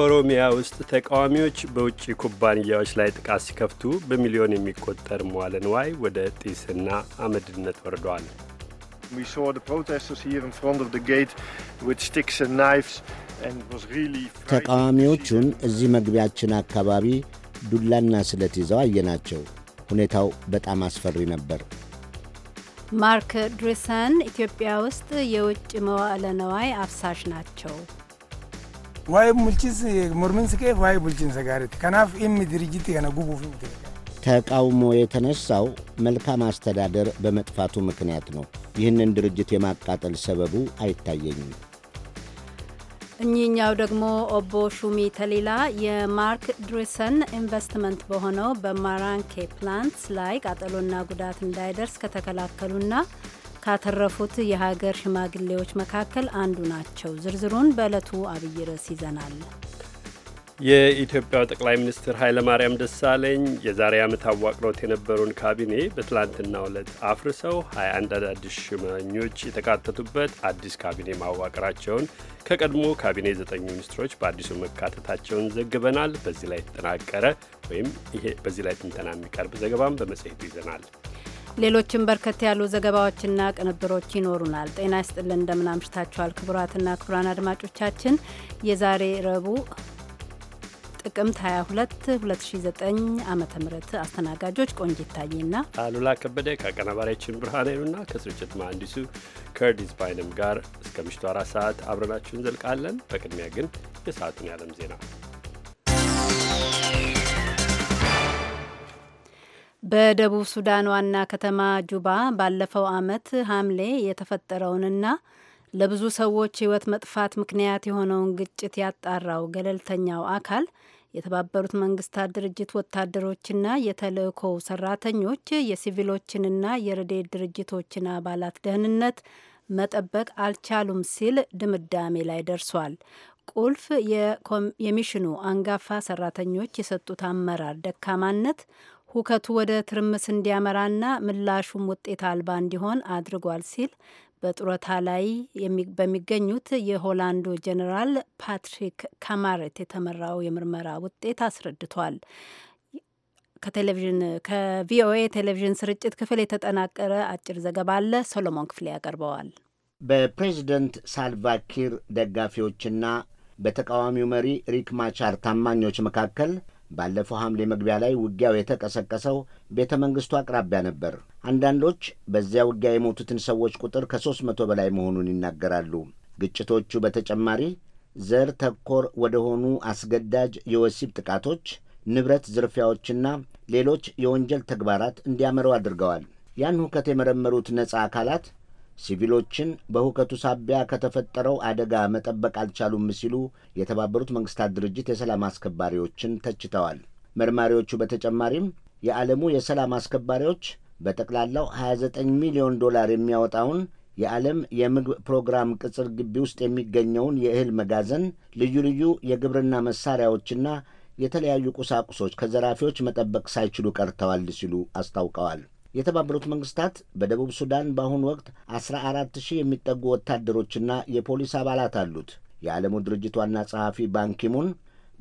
ኦሮሚያ ውስጥ ተቃዋሚዎች በውጭ ኩባንያዎች ላይ ጥቃት ሲከፍቱ በሚሊዮን የሚቆጠር መዋለ ንዋይ ወደ ጢስና አመድነት ወርደዋል። ተቃዋሚዎቹን እዚህ መግቢያችን አካባቢ ዱላና ስለት ይዘው አየናቸው። ሁኔታው በጣም አስፈሪ ነበር። ማርክ ድሬሰን ኢትዮጵያ ውስጥ የውጭ መዋዕለ ነዋይ አፍሳሽ ናቸው። waa'ee bulchiinsa mormiinsa kee waa'ee bulchiinsa gaariiti. Kanaaf dhimmi dirijjitti kana ተቃውሞ የተነሳው መልካም አስተዳደር በመጥፋቱ ምክንያት ነው። ይህንን ድርጅት የማቃጠል ሰበቡ አይታየኝም። እኚኛው ደግሞ ኦቦ ሹሚ ተሌላ የማርክ ድሬሰን ኢንቨስትመንት በሆነው በማራንኬ ፕላንትስ ላይ ቃጠሎና ጉዳት እንዳይደርስ ከተከላከሉና ካተረፉት የሀገር ሽማግሌዎች መካከል አንዱ ናቸው። ዝርዝሩን በዕለቱ አብይ ርዕስ ይዘናል። የኢትዮጵያው ጠቅላይ ሚኒስትር ኃይለማርያም ደሳለኝ የዛሬ ዓመት አዋቅረውት የነበሩን ካቢኔ በትላንትናው ዕለት አፍርሰው 21 አዳዲስ ሽማኞች የተካተቱበት አዲስ ካቢኔ ማዋቅራቸውን ከቀድሞ ካቢኔ ዘጠኝ ሚኒስትሮች በአዲሱ መካተታቸውን ዘግበናል። በዚህ ላይ የተጠናቀረ ወይም ይሄ በዚህ ላይ ትንተና የሚቀርብ ዘገባም በመጽሔቱ ይዘናል። ሌሎችም በርከት ያሉ ዘገባዎችና ቅንብሮች ይኖሩናል። ጤና ይስጥልን፣ እንደምን አምሽታችኋል? ክቡራትና ክቡራን አድማጮቻችን የዛሬ ረቡዕ ጥቅምት 22 2009 ዓ ም አስተናጋጆች ቆንጅ ይታይና አሉላ ከበደ ከአቀናባሪያችን ብርሃን ኃይሉና ከስርጭት መሐንዲሱ ከርዲስ ባይንም ጋር እስከ ምሽቱ አራት ሰዓት አብረናችሁ እንዘልቃለን። በቅድሚያ ግን የሰዓቱን የዓለም ዜና በደቡብ ሱዳን ዋና ከተማ ጁባ ባለፈው ዓመት ሐምሌ የተፈጠረውንና ለብዙ ሰዎች ሕይወት መጥፋት ምክንያት የሆነውን ግጭት ያጣራው ገለልተኛው አካል የተባበሩት መንግስታት ድርጅት ወታደሮችና የተልእኮው ሰራተኞች የሲቪሎችንና የረድኤት ድርጅቶችን አባላት ደህንነት መጠበቅ አልቻሉም ሲል ድምዳሜ ላይ ደርሷል። ቁልፍ የሚሽኑ አንጋፋ ሰራተኞች የሰጡት አመራር ደካማነት ሁከቱ ወደ ትርምስ እንዲያመራና ምላሹም ውጤት አልባ እንዲሆን አድርጓል ሲል በጡረታ ላይ በሚገኙት የሆላንዱ ጀኔራል ፓትሪክ ካማሬት የተመራው የምርመራ ውጤት አስረድቷል። ከቴሌቪዥን ከቪኦኤ ቴሌቪዥን ስርጭት ክፍል የተጠናቀረ አጭር ዘገባ አለ። ሶሎሞን ክፍሌ ያቀርበዋል። በፕሬዚደንት ሳልቫኪር ደጋፊዎችና በተቃዋሚው መሪ ሪክ ማቻር ታማኞች መካከል ባለፈው ሐምሌ መግቢያ ላይ ውጊያው የተቀሰቀሰው ቤተ መንግሥቱ አቅራቢያ ነበር። አንዳንዶች በዚያ ውጊያ የሞቱትን ሰዎች ቁጥር ከሦስት መቶ በላይ መሆኑን ይናገራሉ። ግጭቶቹ በተጨማሪ ዘር ተኮር ወደ ሆኑ አስገዳጅ የወሲብ ጥቃቶች፣ ንብረት ዝርፊያዎችና ሌሎች የወንጀል ተግባራት እንዲያመረው አድርገዋል። ያን ሁከት የመረመሩት ነጻ አካላት ሲቪሎችን በሁከቱ ሳቢያ ከተፈጠረው አደጋ መጠበቅ አልቻሉም ሲሉ የተባበሩት መንግስታት ድርጅት የሰላም አስከባሪዎችን ተችተዋል። መርማሪዎቹ በተጨማሪም የዓለሙ የሰላም አስከባሪዎች በጠቅላላው 29 ሚሊዮን ዶላር የሚያወጣውን የዓለም የምግብ ፕሮግራም ቅጽር ግቢ ውስጥ የሚገኘውን የእህል መጋዘን፣ ልዩ ልዩ የግብርና መሳሪያዎችና የተለያዩ ቁሳቁሶች ከዘራፊዎች መጠበቅ ሳይችሉ ቀርተዋል ሲሉ አስታውቀዋል። የተባበሩት መንግስታት በደቡብ ሱዳን በአሁኑ ወቅት 14 ሺህ የሚጠጉ ወታደሮችና የፖሊስ አባላት አሉት። የዓለሙ ድርጅት ዋና ጸሐፊ ባንኪሙን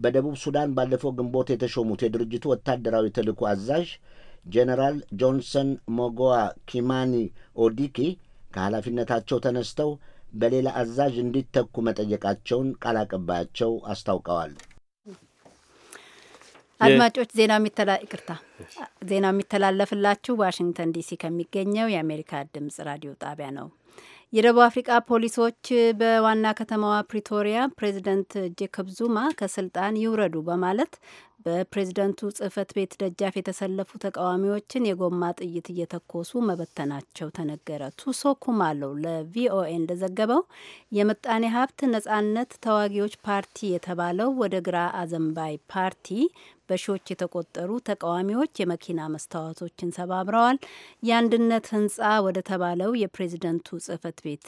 በደቡብ ሱዳን ባለፈው ግንቦት የተሾሙት የድርጅቱ ወታደራዊ ተልእኮ አዛዥ ጄኔራል ጆንሰን ሞጎዋ ኪማኒ ኦዲኪ ከኃላፊነታቸው ተነስተው በሌላ አዛዥ እንዲተኩ መጠየቃቸውን ቃል አቀባያቸው አስታውቀዋል። አድማጮች ዜና የሚተላ ይቅርታ ዜና የሚተላለፍላችሁ ዋሽንግተን ዲሲ ከሚገኘው የአሜሪካ ድምጽ ራዲዮ ጣቢያ ነው። የደቡብ አፍሪቃ ፖሊሶች በዋና ከተማዋ ፕሪቶሪያ ፕሬዚደንት ጄኮብ ዙማ ከስልጣን ይውረዱ በማለት በፕሬዝደንቱ ጽህፈት ቤት ደጃፍ የተሰለፉ ተቃዋሚዎችን የጎማ ጥይት እየተኮሱ መበተናቸው ተነገረ። ቱሶ ኩማለው ለቪኦኤ እንደዘገበው የምጣኔ ሀብት ነጻነት ተዋጊዎች ፓርቲ የተባለው ወደ ግራ አዘንባይ ፓርቲ በሺዎች የተቆጠሩ ተቃዋሚዎች የመኪና መስታወቶችን ሰባብረዋል። የአንድነት ህንጻ ወደ ተባለው የፕሬዝደንቱ ጽህፈት ቤት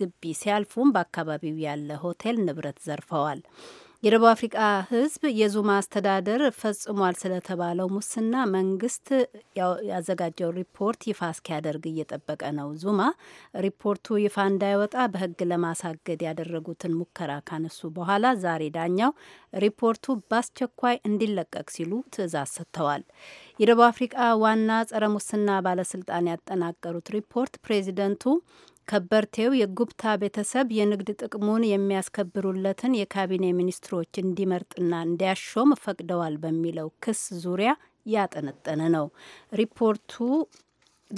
ግቢ ሲያልፉም በአካባቢው ያለ ሆቴል ንብረት ዘርፈዋል። የደቡብ አፍሪቃ ህዝብ የዙማ አስተዳደር ፈጽሟል ስለተባለው ሙስና መንግስት ያዘጋጀው ሪፖርት ይፋ እስኪያደርግ እየጠበቀ ነው። ዙማ ሪፖርቱ ይፋ እንዳይወጣ በህግ ለማሳገድ ያደረጉትን ሙከራ ካነሱ በኋላ ዛሬ ዳኛው ሪፖርቱ በአስቸኳይ እንዲለቀቅ ሲሉ ትዕዛዝ ሰጥተዋል። የደቡብ አፍሪቃ ዋና ጸረ ሙስና ባለስልጣን ያጠናቀሩት ሪፖርት ፕሬዚደንቱ ከበርቴው የጉብታ ቤተሰብ የንግድ ጥቅሙን የሚያስከብሩለትን የካቢኔ ሚኒስትሮች እንዲመርጥና እንዲያሾም ፈቅደዋል በሚለው ክስ ዙሪያ ያጠነጠነ ነው ሪፖርቱ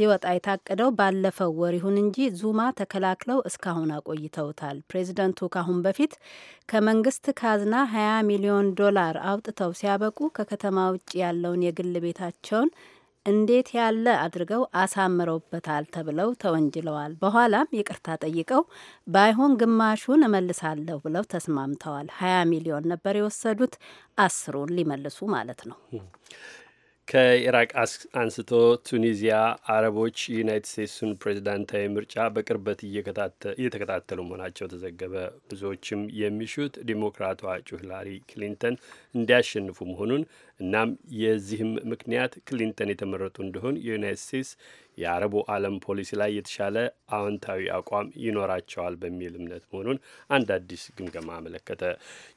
ሊወጣ የታቀደው ባለፈው ወር ይሁን እንጂ ዙማ ተከላክለው እስካሁን አቆይተውታል። ፕሬዚደንቱ ካሁን በፊት ከመንግስት ካዝና 20 ሚሊዮን ዶላር አውጥተው ሲያበቁ ከከተማ ውጭ ያለውን የግል ቤታቸውን እንዴት ያለ አድርገው አሳምረውበታል ተብለው ተወንጅለዋል። በኋላም ይቅርታ ጠይቀው ባይሆን ግማሹን እመልሳለሁ ብለው ተስማምተዋል። ሀያ ሚሊዮን ነበር የወሰዱት፣ አስሩን ሊመልሱ ማለት ነው። ከኢራቅ አንስቶ ቱኒዚያ አረቦች ዩናይትድ ስቴትሱን ፕሬዚዳንታዊ ምርጫ በቅርበት እየተከታተሉ መሆናቸው ተዘገበ። ብዙዎችም የሚሹት ዲሞክራቷ እጩ ሂላሪ ክሊንተን እንዲያሸንፉ መሆኑን እናም የዚህም ምክንያት ክሊንተን የተመረጡ እንደሆን የዩናይትድ ስቴትስ የአረቡ ዓለም ፖሊሲ ላይ የተሻለ አዎንታዊ አቋም ይኖራቸዋል በሚል እምነት መሆኑን አንድ አዲስ ግምገማ አመለከተ።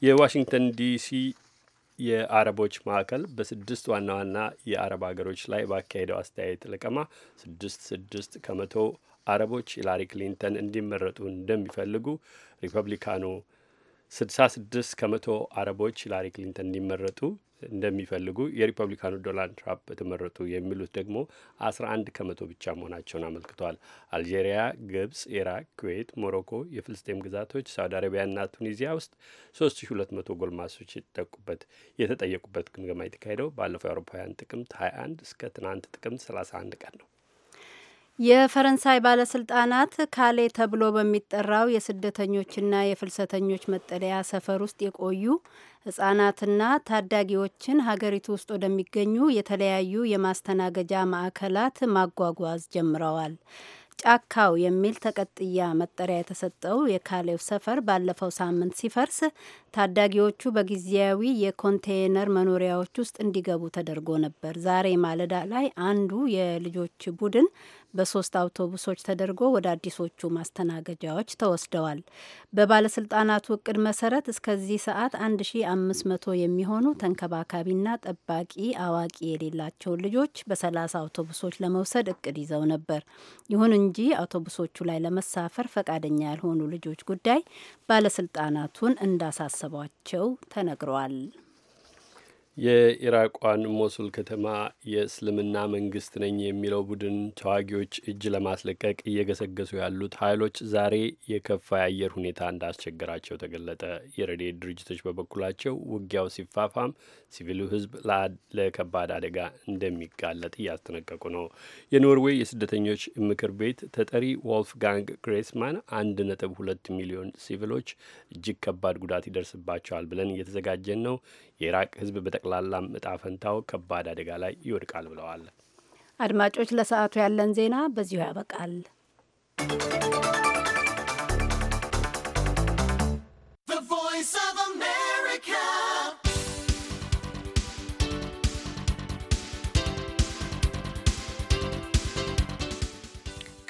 የዋሽንግተን ዲሲ የአረቦች ማዕከል በስድስት ዋና ዋና የአረብ ሀገሮች ላይ ባካሄደው አስተያየት ልቀማ ስድስት ስድስት ከመቶ አረቦች ሂላሪ ክሊንተን እንዲመረጡ እንደሚፈልጉ ሪፐብሊካኑ ስድስት ከመቶ አረቦች ሂላሪ ክሊንተን እንዲመረጡ እንደሚፈልጉ የሪፐብሊካኑ ዶናልድ ትራምፕ የተመረጡ የሚሉት ደግሞ 11 ከመቶ ብቻ መሆናቸውን አመልክቷል። አልጄሪያ፣ ግብጽ፣ ኢራቅ፣ ኩዌት፣ ሞሮኮ፣ የፍልስጤም ግዛቶች፣ ሳውዲ ና ቱኒዚያ ውስጥ መቶ ጎልማሶች የተጠቁበት የተጠየቁበት ግምገማ የተካሄደው ባለፈው የአውሮፓውያን ጥቅምት 21 እስከ ትናንት ጥቅምት 31 ቀን ነው። የፈረንሳይ ባለስልጣናት ካሌ ተብሎ በሚጠራው የስደተኞችና የፍልሰተኞች መጠለያ ሰፈር ውስጥ የቆዩ ህጻናትና ታዳጊዎችን ሀገሪቱ ውስጥ ወደሚገኙ የተለያዩ የማስተናገጃ ማዕከላት ማጓጓዝ ጀምረዋል። ጫካው የሚል ተቀጥያ መጠሪያ የተሰጠው የካሌው ሰፈር ባለፈው ሳምንት ሲፈርስ ታዳጊዎቹ በጊዜያዊ የኮንቴይነር መኖሪያዎች ውስጥ እንዲገቡ ተደርጎ ነበር። ዛሬ ማለዳ ላይ አንዱ የልጆች ቡድን በሶስት አውቶቡሶች ተደርጎ ወደ አዲሶቹ ማስተናገጃዎች ተወስደዋል። በባለስልጣናቱ እቅድ መሰረት እስከዚህ ሰዓት 1500 የሚሆኑ ተንከባካቢና ጠባቂ አዋቂ የሌላቸውን ልጆች በ30 አውቶቡሶች ለመውሰድ እቅድ ይዘው ነበር። ይሁን እንጂ አውቶቡሶቹ ላይ ለመሳፈር ፈቃደኛ ያልሆኑ ልጆች ጉዳይ ባለስልጣናቱን እንዳሳሰቧቸው ተነግረዋል። የኢራቋን ሞሱል ከተማ የእስልምና መንግስት ነኝ የሚለው ቡድን ተዋጊዎች እጅ ለማስለቀቅ እየገሰገሱ ያሉት ኃይሎች ዛሬ የከፋ የአየር ሁኔታ እንዳስቸገራቸው ተገለጠ። የረድኤት ድርጅቶች በበኩላቸው ውጊያው ሲፋፋም ሲቪሉ ሕዝብ ለከባድ አደጋ እንደሚጋለጥ እያስጠነቀቁ ነው። የኖርዌይ የስደተኞች ምክር ቤት ተጠሪ ዎልፍጋንግ ግሬስማን አንድ ነጥብ ሁለት ሚሊዮን ሲቪሎች እጅግ ከባድ ጉዳት ይደርስባቸዋል ብለን እየተዘጋጀን ነው የኢራቅ ህዝብ በጠቅላላም እጣ ፈንታው ከባድ አደጋ ላይ ይወድቃል ብለዋል። አድማጮች፣ ለሰዓቱ ያለን ዜና በዚሁ ያበቃል።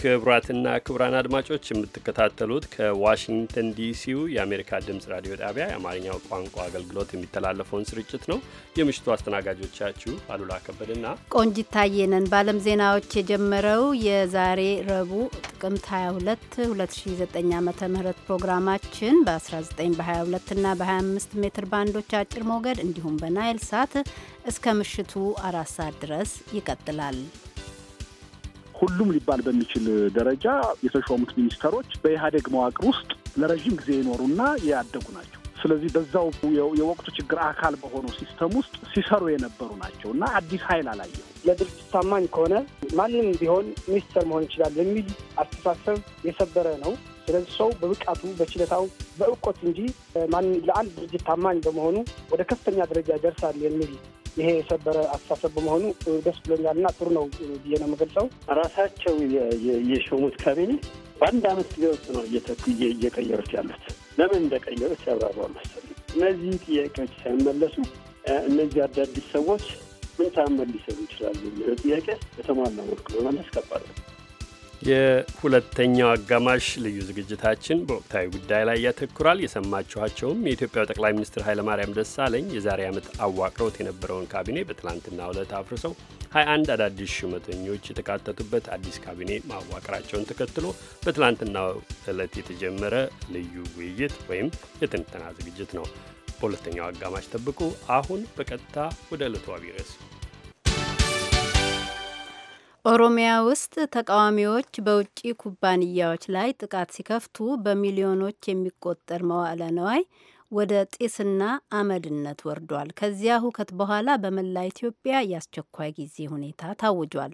ክቡራትና ክቡራን አድማጮች የምትከታተሉት ከዋሽንግተን ዲሲው የአሜሪካ ድምፅ ራዲዮ ጣቢያ የአማርኛው ቋንቋ አገልግሎት የሚተላለፈውን ስርጭት ነው። የምሽቱ አስተናጋጆቻችሁ አሉላ ከበድና ቆንጂት በአለም በዓለም ዜናዎች የጀመረው የዛሬ ረቡዕ ጥቅምት 22 2009 ዓ ም ፕሮግራማችን በ19 በ22ና በ25 ሜትር ባንዶች አጭር ሞገድ እንዲሁም በናይል ሳት እስከ ምሽቱ አራት ሰዓት ድረስ ይቀጥላል። ሁሉም ሊባል በሚችል ደረጃ የተሾሙት ሚኒስተሮች በኢህአዴግ መዋቅር ውስጥ ለረዥም ጊዜ የኖሩና ያደጉ ናቸው። ስለዚህ በዛው የወቅቱ ችግር አካል በሆነው ሲስተም ውስጥ ሲሰሩ የነበሩ ናቸው እና አዲስ ኃይል አላየው። ለድርጅት ታማኝ ከሆነ ማንም ቢሆን ሚኒስተር መሆን ይችላል የሚል አስተሳሰብ የሰበረ ነው። ስለዚህ ሰው በብቃቱ በችለታው፣ በእውቀቱ እንጂ ለአንድ ድርጅት ታማኝ በመሆኑ ወደ ከፍተኛ ደረጃ ደርሳል የሚል ይሄ የሰበረ አስተሳሰብ በመሆኑ ደስ ብሎኛልና ጥሩ ነው ብዬ ነው የምገልጸው። ራሳቸው የሾሙት ካቢኔ በአንድ አመት ጊዜ ውስጥ ነው እየቀየሩት ያሉት። ለምን እንደቀየሩት ያብራሯ መሰለኝ። እነዚህ ጥያቄዎች ሳይመለሱ እነዚህ አዳዲስ ሰዎች ምን ታመን ሊሰሩ ይችላሉ? ጥያቄ በተሟላ መልኩ በመለስ ከባድ ነው። የሁለተኛው አጋማሽ ልዩ ዝግጅታችን በወቅታዊ ጉዳይ ላይ ያተኩራል። የሰማችኋቸውም የኢትዮጵያው ጠቅላይ ሚኒስትር ኃይለማርያም ደሳለኝ የዛሬ ዓመት አዋቅረውት የነበረውን ካቢኔ በትላንትና ዕለት አፍርሰው 21 አዳዲስ ሹመተኞች የተካተቱበት አዲስ ካቢኔ ማዋቅራቸውን ተከትሎ በትላንትና ዕለት የተጀመረ ልዩ ውይይት ወይም የትንተና ዝግጅት ነው። በሁለተኛው አጋማሽ ጠብቁ። አሁን በቀጥታ ወደ ዕለቱ አቢረስ ኦሮሚያ ውስጥ ተቃዋሚዎች በውጭ ኩባንያዎች ላይ ጥቃት ሲከፍቱ በሚሊዮኖች የሚቆጠር መዋዕለ ነዋይ ወደ ጢስና አመድነት ወርዷል። ከዚያ ሁከት በኋላ በመላ ኢትዮጵያ የአስቸኳይ ጊዜ ሁኔታ ታውጇል።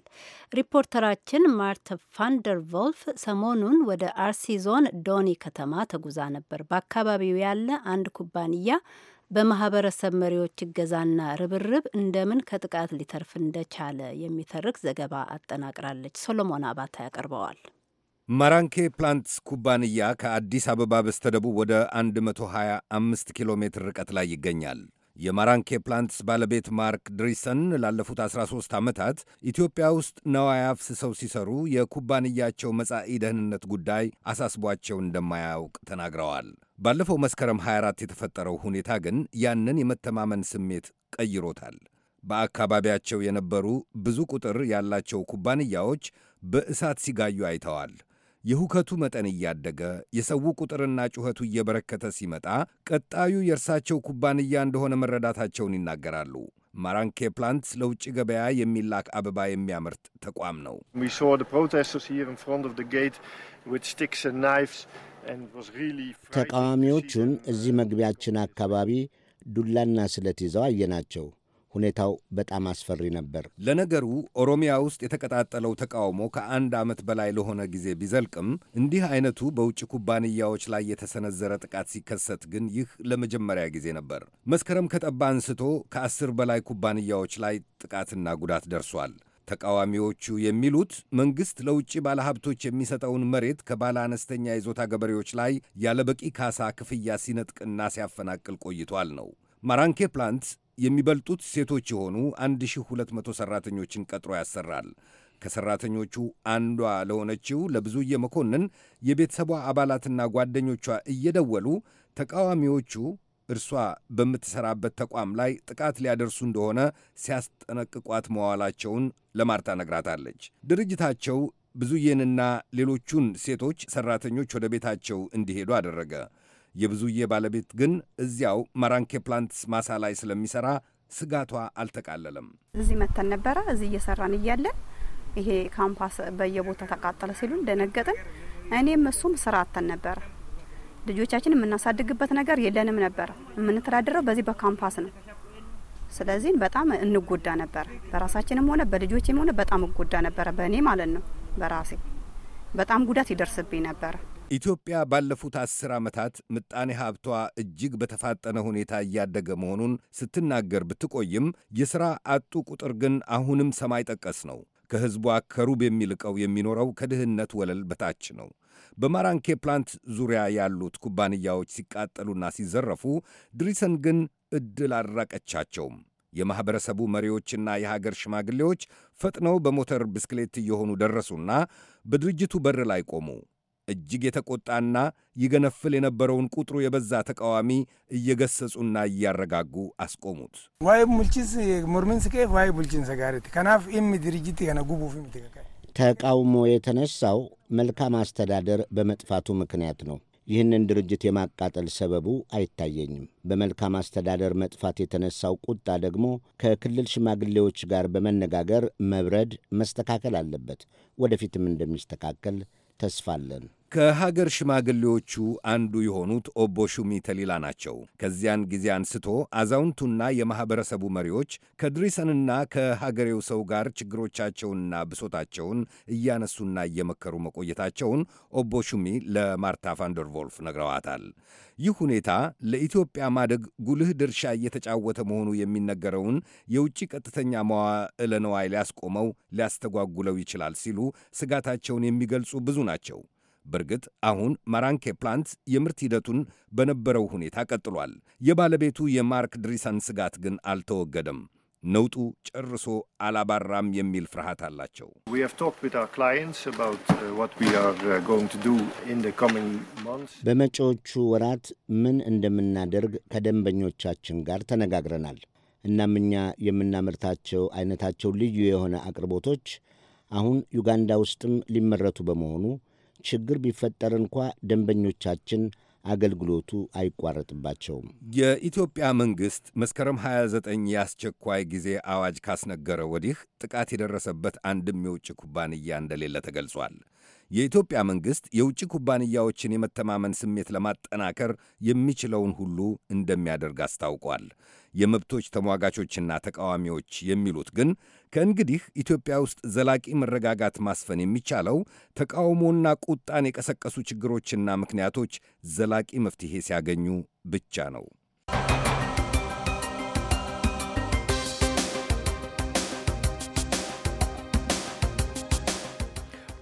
ሪፖርተራችን ማርተ ፋንደር ቮልፍ ሰሞኑን ወደ አርሲ ዞን ዶኒ ከተማ ተጉዛ ነበር። በአካባቢው ያለ አንድ ኩባንያ በማህበረሰብ መሪዎች እገዛና ርብርብ እንደምን ከጥቃት ሊተርፍ እንደቻለ የሚተርክ ዘገባ አጠናቅራለች። ሶሎሞን አባታ ያቀርበዋል። ማራንኬ ፕላንትስ ኩባንያ ከአዲስ አበባ በስተደቡብ ወደ 125 ኪሎ ሜትር ርቀት ላይ ይገኛል። የማራንኬ ፕላንትስ ባለቤት ማርክ ድሪሰን ላለፉት 13 ዓመታት ኢትዮጵያ ውስጥ ነዋይ አፍስሰው ሲሰሩ የኩባንያቸው መጻኢ ደህንነት ጉዳይ አሳስቧቸው እንደማያውቅ ተናግረዋል። ባለፈው መስከረም 24 የተፈጠረው ሁኔታ ግን ያንን የመተማመን ስሜት ቀይሮታል። በአካባቢያቸው የነበሩ ብዙ ቁጥር ያላቸው ኩባንያዎች በእሳት ሲጋዩ አይተዋል። የሁከቱ መጠን እያደገ የሰው ቁጥርና ጩኸቱ እየበረከተ ሲመጣ ቀጣዩ የእርሳቸው ኩባንያ እንደሆነ መረዳታቸውን ይናገራሉ። ማራንኬ ፕላንት ለውጭ ገበያ የሚላክ አበባ የሚያመርት ተቋም ነው። ተቃዋሚዎቹን እዚህ መግቢያችን አካባቢ ዱላና ስለት ይዘው አየናቸው። ሁኔታው በጣም አስፈሪ ነበር። ለነገሩ ኦሮሚያ ውስጥ የተቀጣጠለው ተቃውሞ ከአንድ ዓመት በላይ ለሆነ ጊዜ ቢዘልቅም እንዲህ አይነቱ በውጭ ኩባንያዎች ላይ የተሰነዘረ ጥቃት ሲከሰት ግን ይህ ለመጀመሪያ ጊዜ ነበር። መስከረም ከጠባ አንስቶ ከአስር በላይ ኩባንያዎች ላይ ጥቃትና ጉዳት ደርሷል። ተቃዋሚዎቹ የሚሉት መንግሥት ለውጭ ባለሀብቶች የሚሰጠውን መሬት ከባለ አነስተኛ ይዞታ ገበሬዎች ላይ ያለበቂ ካሳ ክፍያ ሲነጥቅና ሲያፈናቅል ቆይቷል ነው። ማራንኬ ፕላንት የሚበልጡት ሴቶች የሆኑ 1200 ሠራተኞችን ቀጥሮ ያሰራል። ከሠራተኞቹ አንዷ ለሆነችው ለብዙዬ መኮንን የቤተሰቧ አባላትና ጓደኞቿ እየደወሉ ተቃዋሚዎቹ እርሷ በምትሠራበት ተቋም ላይ ጥቃት ሊያደርሱ እንደሆነ ሲያስጠነቅቋት መዋላቸውን ለማርታ ነግራታለች። ድርጅታቸው ብዙዬንና ሌሎቹን ሴቶች ሠራተኞች ወደ ቤታቸው እንዲሄዱ አደረገ። የብዙዬ ባለቤት ግን እዚያው ማራንኬ ፕላንትስ ማሳ ላይ ስለሚሰራ ስጋቷ አልተቃለለም። እዚህ መተን ነበረ። እዚህ እየሰራን እያለን ይሄ ካምፓስ በየቦታ ተቃጠለ ሲሉን ደነገጥን። እኔም እሱም ስራ አተን ነበረ። ልጆቻችን የምናሳድግበት ነገር የለንም ነበረ። የምንተዳደረው በዚህ በካምፓስ ነው። ስለዚህ በጣም እንጎዳ ነበረ። በራሳችንም ሆነ በልጆችም ሆነ በጣም እጎዳ ነበረ። በእኔ ማለት ነው። በራሴ በጣም ጉዳት ይደርስብኝ ነበረ። ኢትዮጵያ ባለፉት አስር ዓመታት ምጣኔ ሀብቷ እጅግ በተፋጠነ ሁኔታ እያደገ መሆኑን ስትናገር ብትቆይም የሥራ አጡ ቁጥር ግን አሁንም ሰማይ ጠቀስ ነው። ከሕዝቧ ከሩብ የሚልቀው የሚኖረው ከድህነት ወለል በታች ነው። በማራንኬ ፕላንት ዙሪያ ያሉት ኩባንያዎች ሲቃጠሉና ሲዘረፉ ድሪሰን ግን ዕድል አልራቀቻቸውም። የማኅበረሰቡ መሪዎችና የሀገር ሽማግሌዎች ፈጥነው በሞተር ብስክሌት እየሆኑ ደረሱና በድርጅቱ በር ላይ ቆሙ። እጅግ የተቆጣና ይገነፍል የነበረውን ቁጥሩ የበዛ ተቃዋሚ እየገሰጹና እያረጋጉ አስቆሙት። ዋይ ሙልቺስ ሙርሚንስ ኬፍ ዋይ ቡልቺንስ ጋሪት ከናፍ ኢም ድርጅት ከነጉቡ ተቃውሞ የተነሳው መልካም አስተዳደር በመጥፋቱ ምክንያት ነው። ይህንን ድርጅት የማቃጠል ሰበቡ አይታየኝም። በመልካም አስተዳደር መጥፋት የተነሳው ቁጣ ደግሞ ከክልል ሽማግሌዎች ጋር በመነጋገር መብረድ መስተካከል አለበት። ወደፊትም እንደሚስተካከል ተስፋለን። ከሀገር ሽማግሌዎቹ አንዱ የሆኑት ኦቦ ሹሚ ተሊላ ናቸው። ከዚያን ጊዜ አንስቶ አዛውንቱና የማኅበረሰቡ መሪዎች ከድሪሰንና ከሀገሬው ሰው ጋር ችግሮቻቸውንና ብሶታቸውን እያነሱና እየመከሩ መቆየታቸውን ኦቦ ሹሚ ለማርታ ቫንደርቮልፍ ነግረዋታል። ይህ ሁኔታ ለኢትዮጵያ ማደግ ጉልህ ድርሻ እየተጫወተ መሆኑ የሚነገረውን የውጭ ቀጥተኛ መዋዕለ ንዋይ ሊያስቆመው ሊያስተጓጉለው ይችላል ሲሉ ስጋታቸውን የሚገልጹ ብዙ ናቸው። በእርግጥ አሁን ማራንኬ ፕላንት የምርት ሂደቱን በነበረው ሁኔታ ቀጥሏል። የባለቤቱ የማርክ ድሪሰን ስጋት ግን አልተወገደም። ነውጡ ጨርሶ አላባራም የሚል ፍርሃት አላቸው። uh, uh, በመጪዎቹ ወራት ምን እንደምናደርግ ከደንበኞቻችን ጋር ተነጋግረናል። እናም እኛ የምናመርታቸው አይነታቸው ልዩ የሆነ አቅርቦቶች አሁን ዩጋንዳ ውስጥም ሊመረቱ በመሆኑ ችግር ቢፈጠር እንኳ ደንበኞቻችን አገልግሎቱ አይቋረጥባቸውም። የኢትዮጵያ መንግሥት መስከረም 29 የአስቸኳይ ጊዜ አዋጅ ካስነገረ ወዲህ ጥቃት የደረሰበት አንድም የውጭ ኩባንያ እንደሌለ ተገልጿል። የኢትዮጵያ መንግሥት የውጭ ኩባንያዎችን የመተማመን ስሜት ለማጠናከር የሚችለውን ሁሉ እንደሚያደርግ አስታውቋል። የመብቶች ተሟጋቾችና ተቃዋሚዎች የሚሉት ግን ከእንግዲህ ኢትዮጵያ ውስጥ ዘላቂ መረጋጋት ማስፈን የሚቻለው ተቃውሞና ቁጣን የቀሰቀሱ ችግሮችና ምክንያቶች ዘላቂ መፍትሔ ሲያገኙ ብቻ ነው።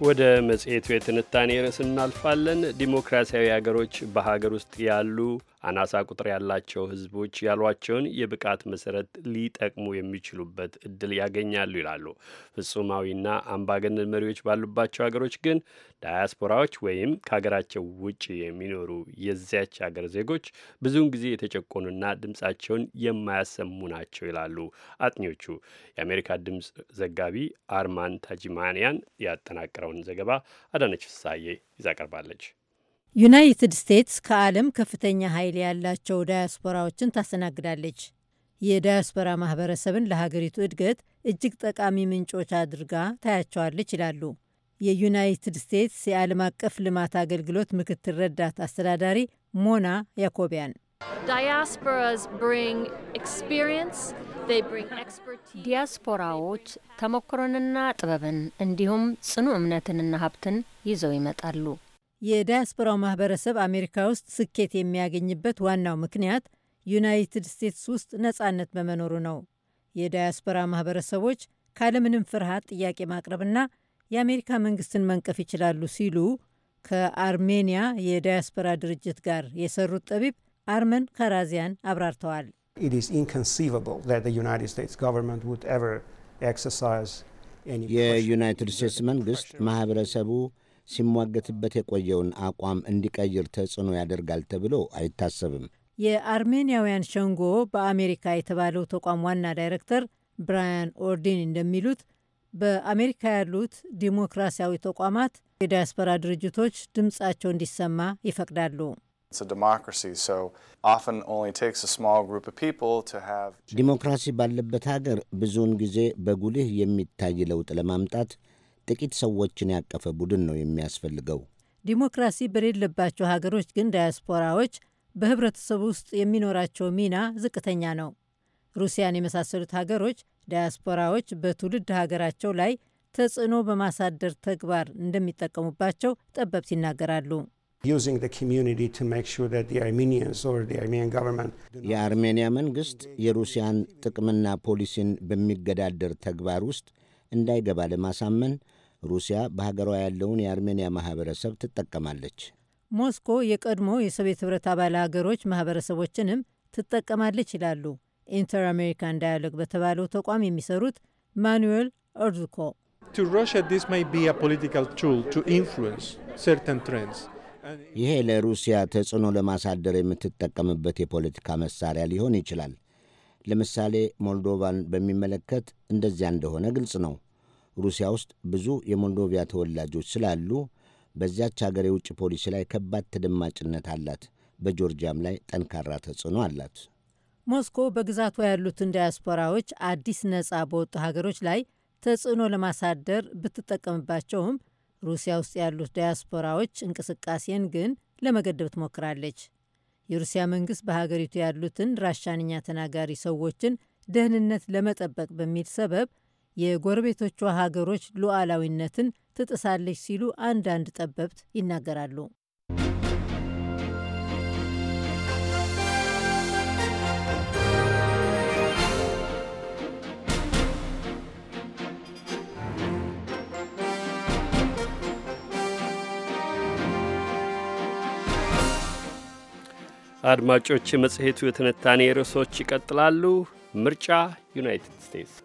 ወደ መጽሔቱ የትንታኔ ርዕስ እናልፋለን። ዲሞክራሲያዊ ሀገሮች በሀገር ውስጥ ያሉ አናሳ ቁጥር ያላቸው ህዝቦች ያሏቸውን የብቃት መሰረት ሊጠቅሙ የሚችሉበት እድል ያገኛሉ ይላሉ። ፍጹማዊና አምባገነን መሪዎች ባሉባቸው ሀገሮች ግን ዳያስፖራዎች ወይም ከሀገራቸው ውጭ የሚኖሩ የዚያች ሀገር ዜጎች ብዙውን ጊዜ የተጨቆኑና ድምፃቸውን የማያሰሙ ናቸው ይላሉ አጥኚዎቹ። የአሜሪካ ድምፅ ዘጋቢ አርማን ታጂማንያን ያጠናቀረውን ዘገባ አዳነች ፍሳዬ ይዛ ቀርባለች። ዩናይትድ ስቴትስ ከዓለም ከፍተኛ ኃይል ያላቸው ዳያስፖራዎችን ታስተናግዳለች። የዳያስፖራ ማህበረሰብን ለሀገሪቱ እድገት እጅግ ጠቃሚ ምንጮች አድርጋ ታያቸዋለች ይላሉ የዩናይትድ ስቴትስ የዓለም አቀፍ ልማት አገልግሎት ምክትል ረዳት አስተዳዳሪ ሞና ያኮቢያን። ዲያስፖራዎች ተሞክሮንና ጥበብን እንዲሁም ጽኑ እምነትንና ሀብትን ይዘው ይመጣሉ። የዳያስፖራው ማህበረሰብ አሜሪካ ውስጥ ስኬት የሚያገኝበት ዋናው ምክንያት ዩናይትድ ስቴትስ ውስጥ ነጻነት በመኖሩ ነው። የዳያስፖራ ማህበረሰቦች ካለምንም ፍርሃት ጥያቄ ማቅረብና የአሜሪካ መንግስትን መንቀፍ ይችላሉ ሲሉ ከአርሜንያ የዳያስፖራ ድርጅት ጋር የሰሩት ጠቢብ አርመን ካራዚያን አብራርተዋል። የዩናይትድ ስቴትስ መንግስት ማህበረሰቡ ሲሟገትበት የቆየውን አቋም እንዲቀይር ተጽዕኖ ያደርጋል ተብሎ አይታሰብም። የአርሜንያውያን ሸንጎ በአሜሪካ የተባለው ተቋም ዋና ዳይሬክተር ብራያን ኦርዲን እንደሚሉት በአሜሪካ ያሉት ዲሞክራሲያዊ ተቋማት የዲያስፖራ ድርጅቶች ድምፃቸው እንዲሰማ ይፈቅዳሉ። ዲሞክራሲ ባለበት ሀገር ብዙውን ጊዜ በጉልህ የሚታይ ለውጥ ለማምጣት ጥቂት ሰዎችን ያቀፈ ቡድን ነው የሚያስፈልገው። ዲሞክራሲ በሌለባቸው ሀገሮች ግን ዳያስፖራዎች በህብረተሰብ ውስጥ የሚኖራቸው ሚና ዝቅተኛ ነው። ሩሲያን የመሳሰሉት ሀገሮች ዳያስፖራዎች በትውልድ ሀገራቸው ላይ ተጽዕኖ በማሳደር ተግባር እንደሚጠቀሙባቸው ጠበብት ይናገራሉ። የአርሜንያ መንግሥት የሩሲያን ጥቅምና ፖሊሲን በሚገዳደር ተግባር ውስጥ እንዳይገባ ለማሳመን ሩሲያ በሀገሯ ያለውን የአርሜንያ ማህበረሰብ ትጠቀማለች። ሞስኮ የቀድሞ የሶቪየት ህብረት አባል ሀገሮች ማህበረሰቦችንም ትጠቀማለች ይላሉ ኢንተር አሜሪካን ዳያሎግ በተባለው ተቋም የሚሰሩት ማኑዌል ኦርዙኮ። ይሄ ለሩሲያ ተጽዕኖ ለማሳደር የምትጠቀምበት የፖለቲካ መሳሪያ ሊሆን ይችላል። ለምሳሌ ሞልዶቫን በሚመለከት እንደዚያ እንደሆነ ግልጽ ነው። ሩሲያ ውስጥ ብዙ የሞልዶቪያ ተወላጆች ስላሉ በዚያች አገር የውጭ ፖሊሲ ላይ ከባድ ተደማጭነት አላት። በጆርጂያም ላይ ጠንካራ ተጽዕኖ አላት። ሞስኮ በግዛቷ ያሉትን ዳያስፖራዎች አዲስ ነጻ በወጡ ሀገሮች ላይ ተጽዕኖ ለማሳደር ብትጠቀምባቸውም ሩሲያ ውስጥ ያሉት ዳያስፖራዎች እንቅስቃሴን ግን ለመገደብ ትሞክራለች። የሩሲያ መንግስት በሀገሪቱ ያሉትን ራሻንኛ ተናጋሪ ሰዎችን ደህንነት ለመጠበቅ በሚል ሰበብ የጎረቤቶቿ ሀገሮች ሉዓላዊነትን ትጥሳለች ሲሉ አንዳንድ ጠበብት ይናገራሉ። አድማጮች፣ የመጽሔቱ የትንታኔ ርዕሶች ይቀጥላሉ። ምርጫ ዩናይትድ ስቴትስ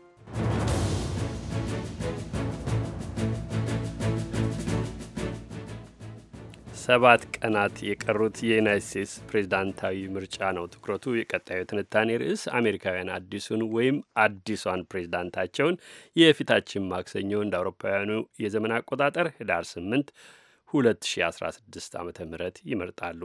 ሰባት ቀናት የቀሩት የዩናይት ስቴትስ ፕሬዝዳንታዊ ምርጫ ነው ትኩረቱ። የቀጣዩ ትንታኔ ርዕስ አሜሪካውያን አዲሱን ወይም አዲሷን ፕሬዝዳንታቸውን የፊታችን ማክሰኞ እንደ አውሮፓውያኑ የዘመን አቆጣጠር ህዳር 8 2016 ዓ ም ይመርጣሉ።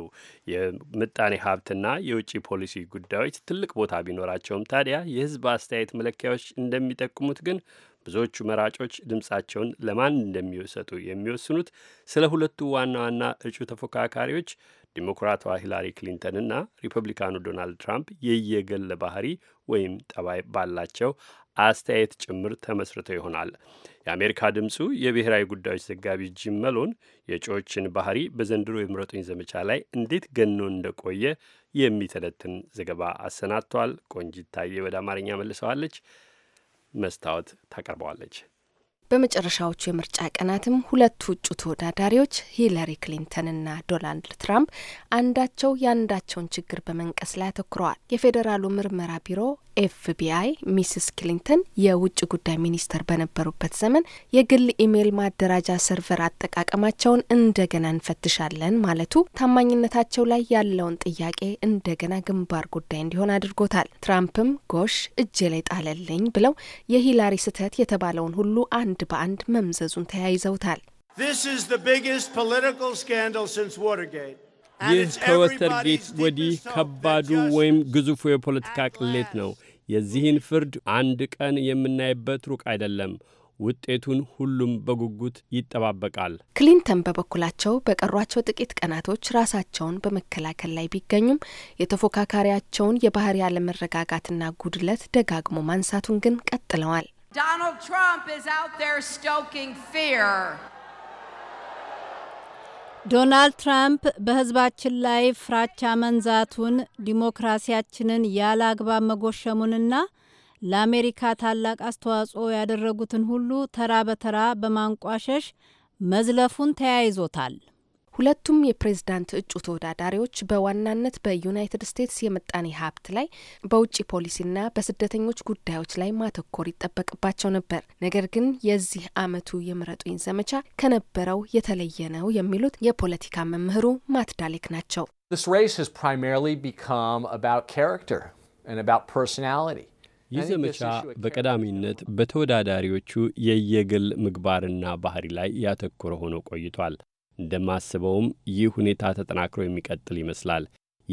የምጣኔ ሀብትና የውጭ ፖሊሲ ጉዳዮች ትልቅ ቦታ ቢኖራቸውም ታዲያ የህዝብ አስተያየት መለኪያዎች እንደሚጠቁሙት ግን ብዙዎቹ መራጮች ድምፃቸውን ለማን እንደሚሰጡ የሚወስኑት ስለ ሁለቱ ዋና ዋና እጩ ተፎካካሪዎች ዲሞክራቷ ሂላሪ ክሊንተንና ሪፐብሊካኑ ዶናልድ ትራምፕ የየገለ ባህሪ ወይም ጠባይ ባላቸው አስተያየት ጭምር ተመስርተው ይሆናል። የአሜሪካ ድምፁ የብሔራዊ ጉዳዮች ዘጋቢ ጂም መሎን የእጩዎችን ባህሪ በዘንድሮ የምረጡኝ ዘመቻ ላይ እንዴት ገኖ እንደቆየ የሚተነትን ዘገባ አሰናድቷል። ቆንጂት ታዬ ወደ አማርኛ መልሰዋለች። መስታወት ታቀርበዋለች። በመጨረሻዎቹ የምርጫ ቀናትም ሁለቱ እጩ ተወዳዳሪዎች ሂለሪ ክሊንተንና ዶናልድ ትራምፕ አንዳቸው የአንዳቸውን ችግር በመንቀስ ላይ አተኩረዋል። የፌዴራሉ ምርመራ ቢሮ ኤፍቢአይ ሚስስ ክሊንተን የውጭ ጉዳይ ሚኒስተር በነበሩበት ዘመን የግል ኢሜይል ማደራጃ ሰርቨር አጠቃቀማቸውን እንደገና እንፈትሻለን ማለቱ ታማኝነታቸው ላይ ያለውን ጥያቄ እንደገና ግንባር ጉዳይ እንዲሆን አድርጎታል። ትራምፕም ጎሽ እጄ ላይ ጣለልኝ ብለው የሂላሪ ስህተት የተባለውን ሁሉ አንድ አንድ በአንድ መምዘዙን ተያይዘውታል። ይህ ከወተርጌት ወዲህ ከባዱ ወይም ግዙፉ የፖለቲካ ቅሌት ነው። የዚህን ፍርድ አንድ ቀን የምናይበት ሩቅ አይደለም። ውጤቱን ሁሉም በጉጉት ይጠባበቃል። ክሊንተን በበኩላቸው በቀሯቸው ጥቂት ቀናቶች ራሳቸውን በመከላከል ላይ ቢገኙም የተፎካካሪያቸውን የባህሪ አለመረጋጋትና ጉድለት ደጋግሞ ማንሳቱን ግን ቀጥለዋል። Donald Trump is out there stoking fear. ዶናልድ ትራምፕ በህዝባችን ላይ ፍራቻ መንዛቱን ዲሞክራሲያችንን ያለ አግባብ መጎሸሙንና ለአሜሪካ ታላቅ አስተዋጽኦ ያደረጉትን ሁሉ ተራ በተራ በማንቋሸሽ መዝለፉን ተያይዞታል። ሁለቱም የፕሬዝዳንት እጩ ተወዳዳሪዎች በዋናነት በዩናይትድ ስቴትስ የምጣኔ ሀብት ላይ በውጭ ፖሊሲና በስደተኞች ጉዳዮች ላይ ማተኮር ይጠበቅባቸው ነበር። ነገር ግን የዚህ አመቱ የምረጡኝ ዘመቻ ከነበረው የተለየ ነው የሚሉት የፖለቲካ መምህሩ ማትዳሌክ ናቸው። ይህ ዘመቻ በቀዳሚነት በተወዳዳሪዎቹ የየግል ምግባርና ባህሪ ላይ ያተኮረ ሆኖ ቆይቷል። እንደማስበውም ይህ ሁኔታ ተጠናክሮ የሚቀጥል ይመስላል።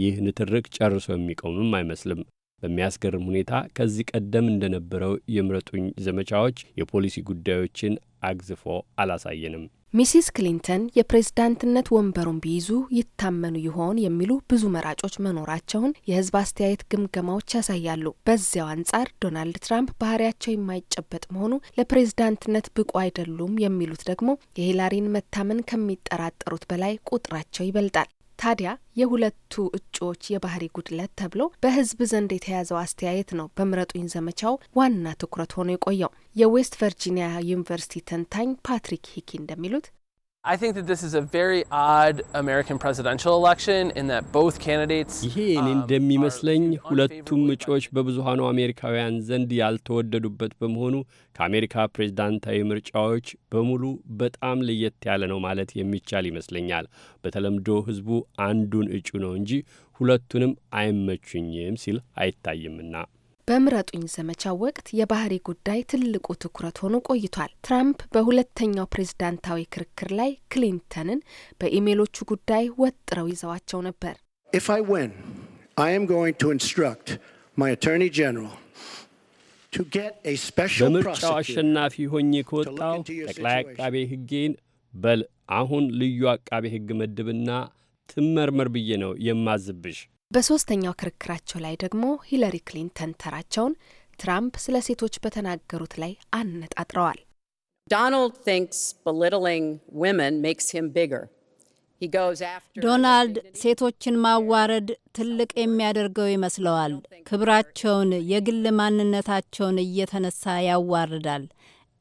ይህ ንትርክ ጨርሶ የሚቆምም አይመስልም። በሚያስገርም ሁኔታ ከዚህ ቀደም እንደነበረው የምረጡኝ ዘመቻዎች የፖሊሲ ጉዳዮችን አግዝፎ አላሳየንም። ሚሲስ ክሊንተን የፕሬዝዳንትነት ወንበሩን ቢይዙ ይታመኑ ይሆን የሚሉ ብዙ መራጮች መኖራቸውን የህዝብ አስተያየት ግምገማዎች ያሳያሉ። በዚያው አንጻር ዶናልድ ትራምፕ ባህሪያቸው የማይጨበጥ መሆኑ ለፕሬዝዳንትነት ብቁ አይደሉም የሚሉት ደግሞ የሂላሪን መታመን ከሚጠራጠሩት በላይ ቁጥራቸው ይበልጣል። ታዲያ የሁለቱ እጩዎች የባህሪ ጉድለት ተብሎ በህዝብ ዘንድ የተያዘው አስተያየት ነው በምረጡኝ ዘመቻው ዋና ትኩረት ሆኖ የቆየው። የዌስት ቨርጂኒያ ዩኒቨርሲቲ ተንታኝ ፓትሪክ ሂኪ እንደሚሉት I think that this is a very odd American presidential election in that both candidates ይሄ እኔ um, እንደሚመስለኝ ሁለቱም እጩዎች በብዙሃኑ አሜሪካውያን ዘንድ ያልተወደዱበት በመሆኑ ከአሜሪካ ፕሬዝዳንታዊ ምርጫዎች በሙሉ በጣም ለየት ያለ ነው ማለት የሚቻል ይመስለኛል። በተለምዶ ህዝቡ አንዱን እጩ ነው እንጂ ሁለቱንም አይመቹኝም ሲል አይታይምና በምረጡኝ ዘመቻ ወቅት የባህሪ ጉዳይ ትልቁ ትኩረት ሆኖ ቆይቷል። ትራምፕ በሁለተኛው ፕሬዝዳንታዊ ክርክር ላይ ክሊንተንን በኢሜሎቹ ጉዳይ ወጥረው ይዘዋቸው ነበር። If I win, I am በምርጫው አሸናፊ ሆኜ ከወጣው ጠቅላይ አቃቤ ሕጌን በል አሁን ልዩ አቃቤ ሕግ መድብና ትመርመር ብዬ ነው የማዝብሽ በሶስተኛው ክርክራቸው ላይ ደግሞ ሂለሪ ክሊንተን ተራቸውን ትራምፕ ስለ ሴቶች በተናገሩት ላይ አነጣጥረዋል። ዶናልድ ሴቶችን ማዋረድ ትልቅ የሚያደርገው ይመስለዋል። ክብራቸውን፣ የግል ማንነታቸውን እየተነሳ ያዋርዳል።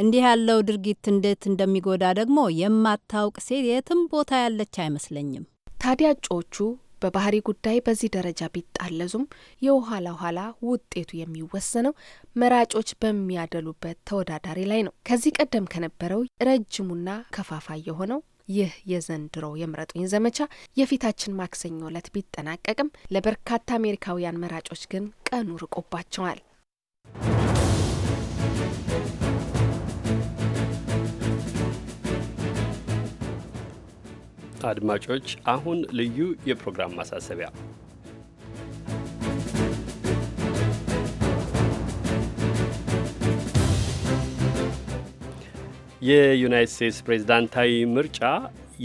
እንዲህ ያለው ድርጊት እንዴት እንደሚጎዳ ደግሞ የማታውቅ ሴት የትም ቦታ ያለች አይመስለኝም። ታዲያ እጩዎቹ በባህሪ ጉዳይ በዚህ ደረጃ ቢጣለዙም የኋላ ኋላ ውጤቱ የሚወሰነው መራጮች በሚያደሉበት ተወዳዳሪ ላይ ነው። ከዚህ ቀደም ከነበረው ረጅሙና ከፋፋይ የሆነው ይህ የዘንድሮ የምረጡኝ ዘመቻ የፊታችን ማክሰኞ ዕለት ቢጠናቀቅም ለበርካታ አሜሪካውያን መራጮች ግን ቀኑ ርቆባቸዋል። አድማጮች አሁን ልዩ የፕሮግራም ማሳሰቢያ የዩናይት ስቴትስ ፕሬዝዳንታዊ ምርጫ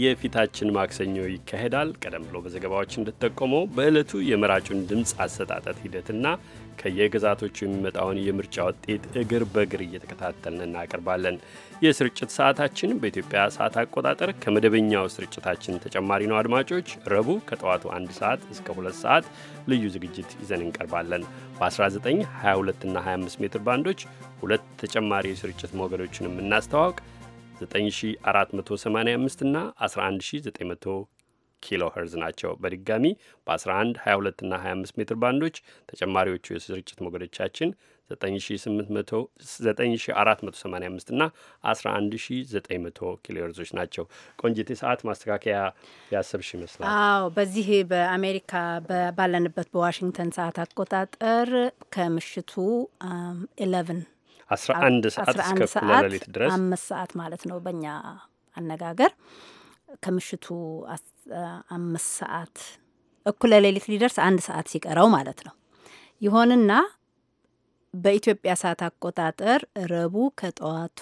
የፊታችን ማክሰኞ ይካሄዳል። ቀደም ብሎ በዘገባዎች እንደተጠቆመው በዕለቱ የመራጩን ድምፅ አሰጣጠት ሂደትና ከየግዛቶቹ የሚመጣውን የምርጫ ውጤት እግር በእግር እየተከታተልን እናቀርባለን። የስርጭት ሰዓታችን በኢትዮጵያ ሰዓት አቆጣጠር ከመደበኛው ስርጭታችን ተጨማሪ ነው። አድማጮች ረቡዕ ከጠዋቱ አንድ ሰዓት እስከ ሁለት ሰዓት ልዩ ዝግጅት ይዘን እንቀርባለን። በ1922 እና 25 ሜትር ባንዶች ሁለት ተጨማሪ የስርጭት ሞገዶችን የምናስተዋውቅ 9485 እና 11900 ኪሎ ሄርዝ ናቸው። በድጋሚ በ11፣ 22 እና 25 ሜትር ባንዶች ተጨማሪዎቹ የስርጭት ሞገዶቻችን 9485 እና 11900 ኪሎ ሄርዞች ናቸው። ቆንጅቴ ሰዓት ማስተካከያ ያሰብሽ ይመስላል። አዎ፣ በዚህ በአሜሪካ ባለንበት በዋሽንግተን ሰዓት አቆጣጠር ከምሽቱ 11 11 ሰዓት እስከ ሌሊት ድረስ አምስት ሰዓት ማለት ነው በእኛ አነጋገር ከምሽቱ አምስት ሰዓት እኩለ ሌሊት ሊደርስ አንድ ሰዓት ሲቀረው ማለት ነው። ይሆንና በኢትዮጵያ ሰዓት አቆጣጠር ረቡዕ ከጠዋቱ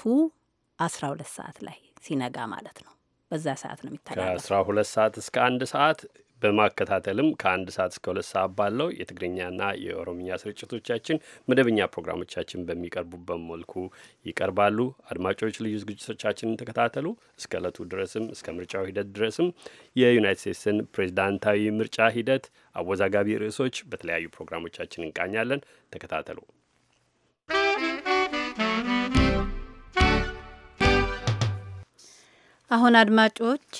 አስራ ሁለት ሰዓት ላይ ሲነጋ ማለት ነው። በዛ ሰዓት ነው የሚታየው። ከአስራ ሁለት ሰዓት እስከ አንድ ሰዓት በማከታተልም ከአንድ ሰዓት እስከ ሁለት ሰዓት ባለው የትግርኛና የኦሮምኛ ስርጭቶቻችን መደበኛ ፕሮግራሞቻችን በሚቀርቡበት መልኩ ይቀርባሉ። አድማጮች ልዩ ዝግጅቶቻችንን ተከታተሉ። እስከ ለቱ ድረስም እስከ ምርጫው ሂደት ድረስም የዩናይት ስቴትስን ፕሬዚዳንታዊ ምርጫ ሂደት አወዛጋቢ ርዕሶች በተለያዩ ፕሮግራሞቻችን እንቃኛለን። ተከታተሉ። አሁን አድማጮች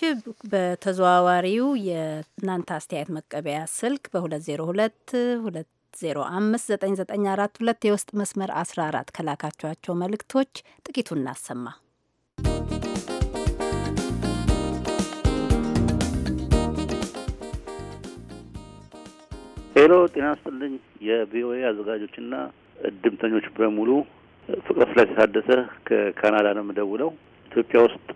በተዘዋዋሪው የእናንተ አስተያየት መቀበያ ስልክ በ202 2059942 የውስጥ መስመር 14 ከላካችኋቸው መልእክቶች ጥቂቱን እናሰማ። ሄሎ ጤና ይስጥልኝ የቪኦኤ አዘጋጆችና እድምተኞች በሙሉ ፍቅረ ስላሴ ታደሰ ከካናዳ ነው የምደውለው ኢትዮጵያ ውስጥ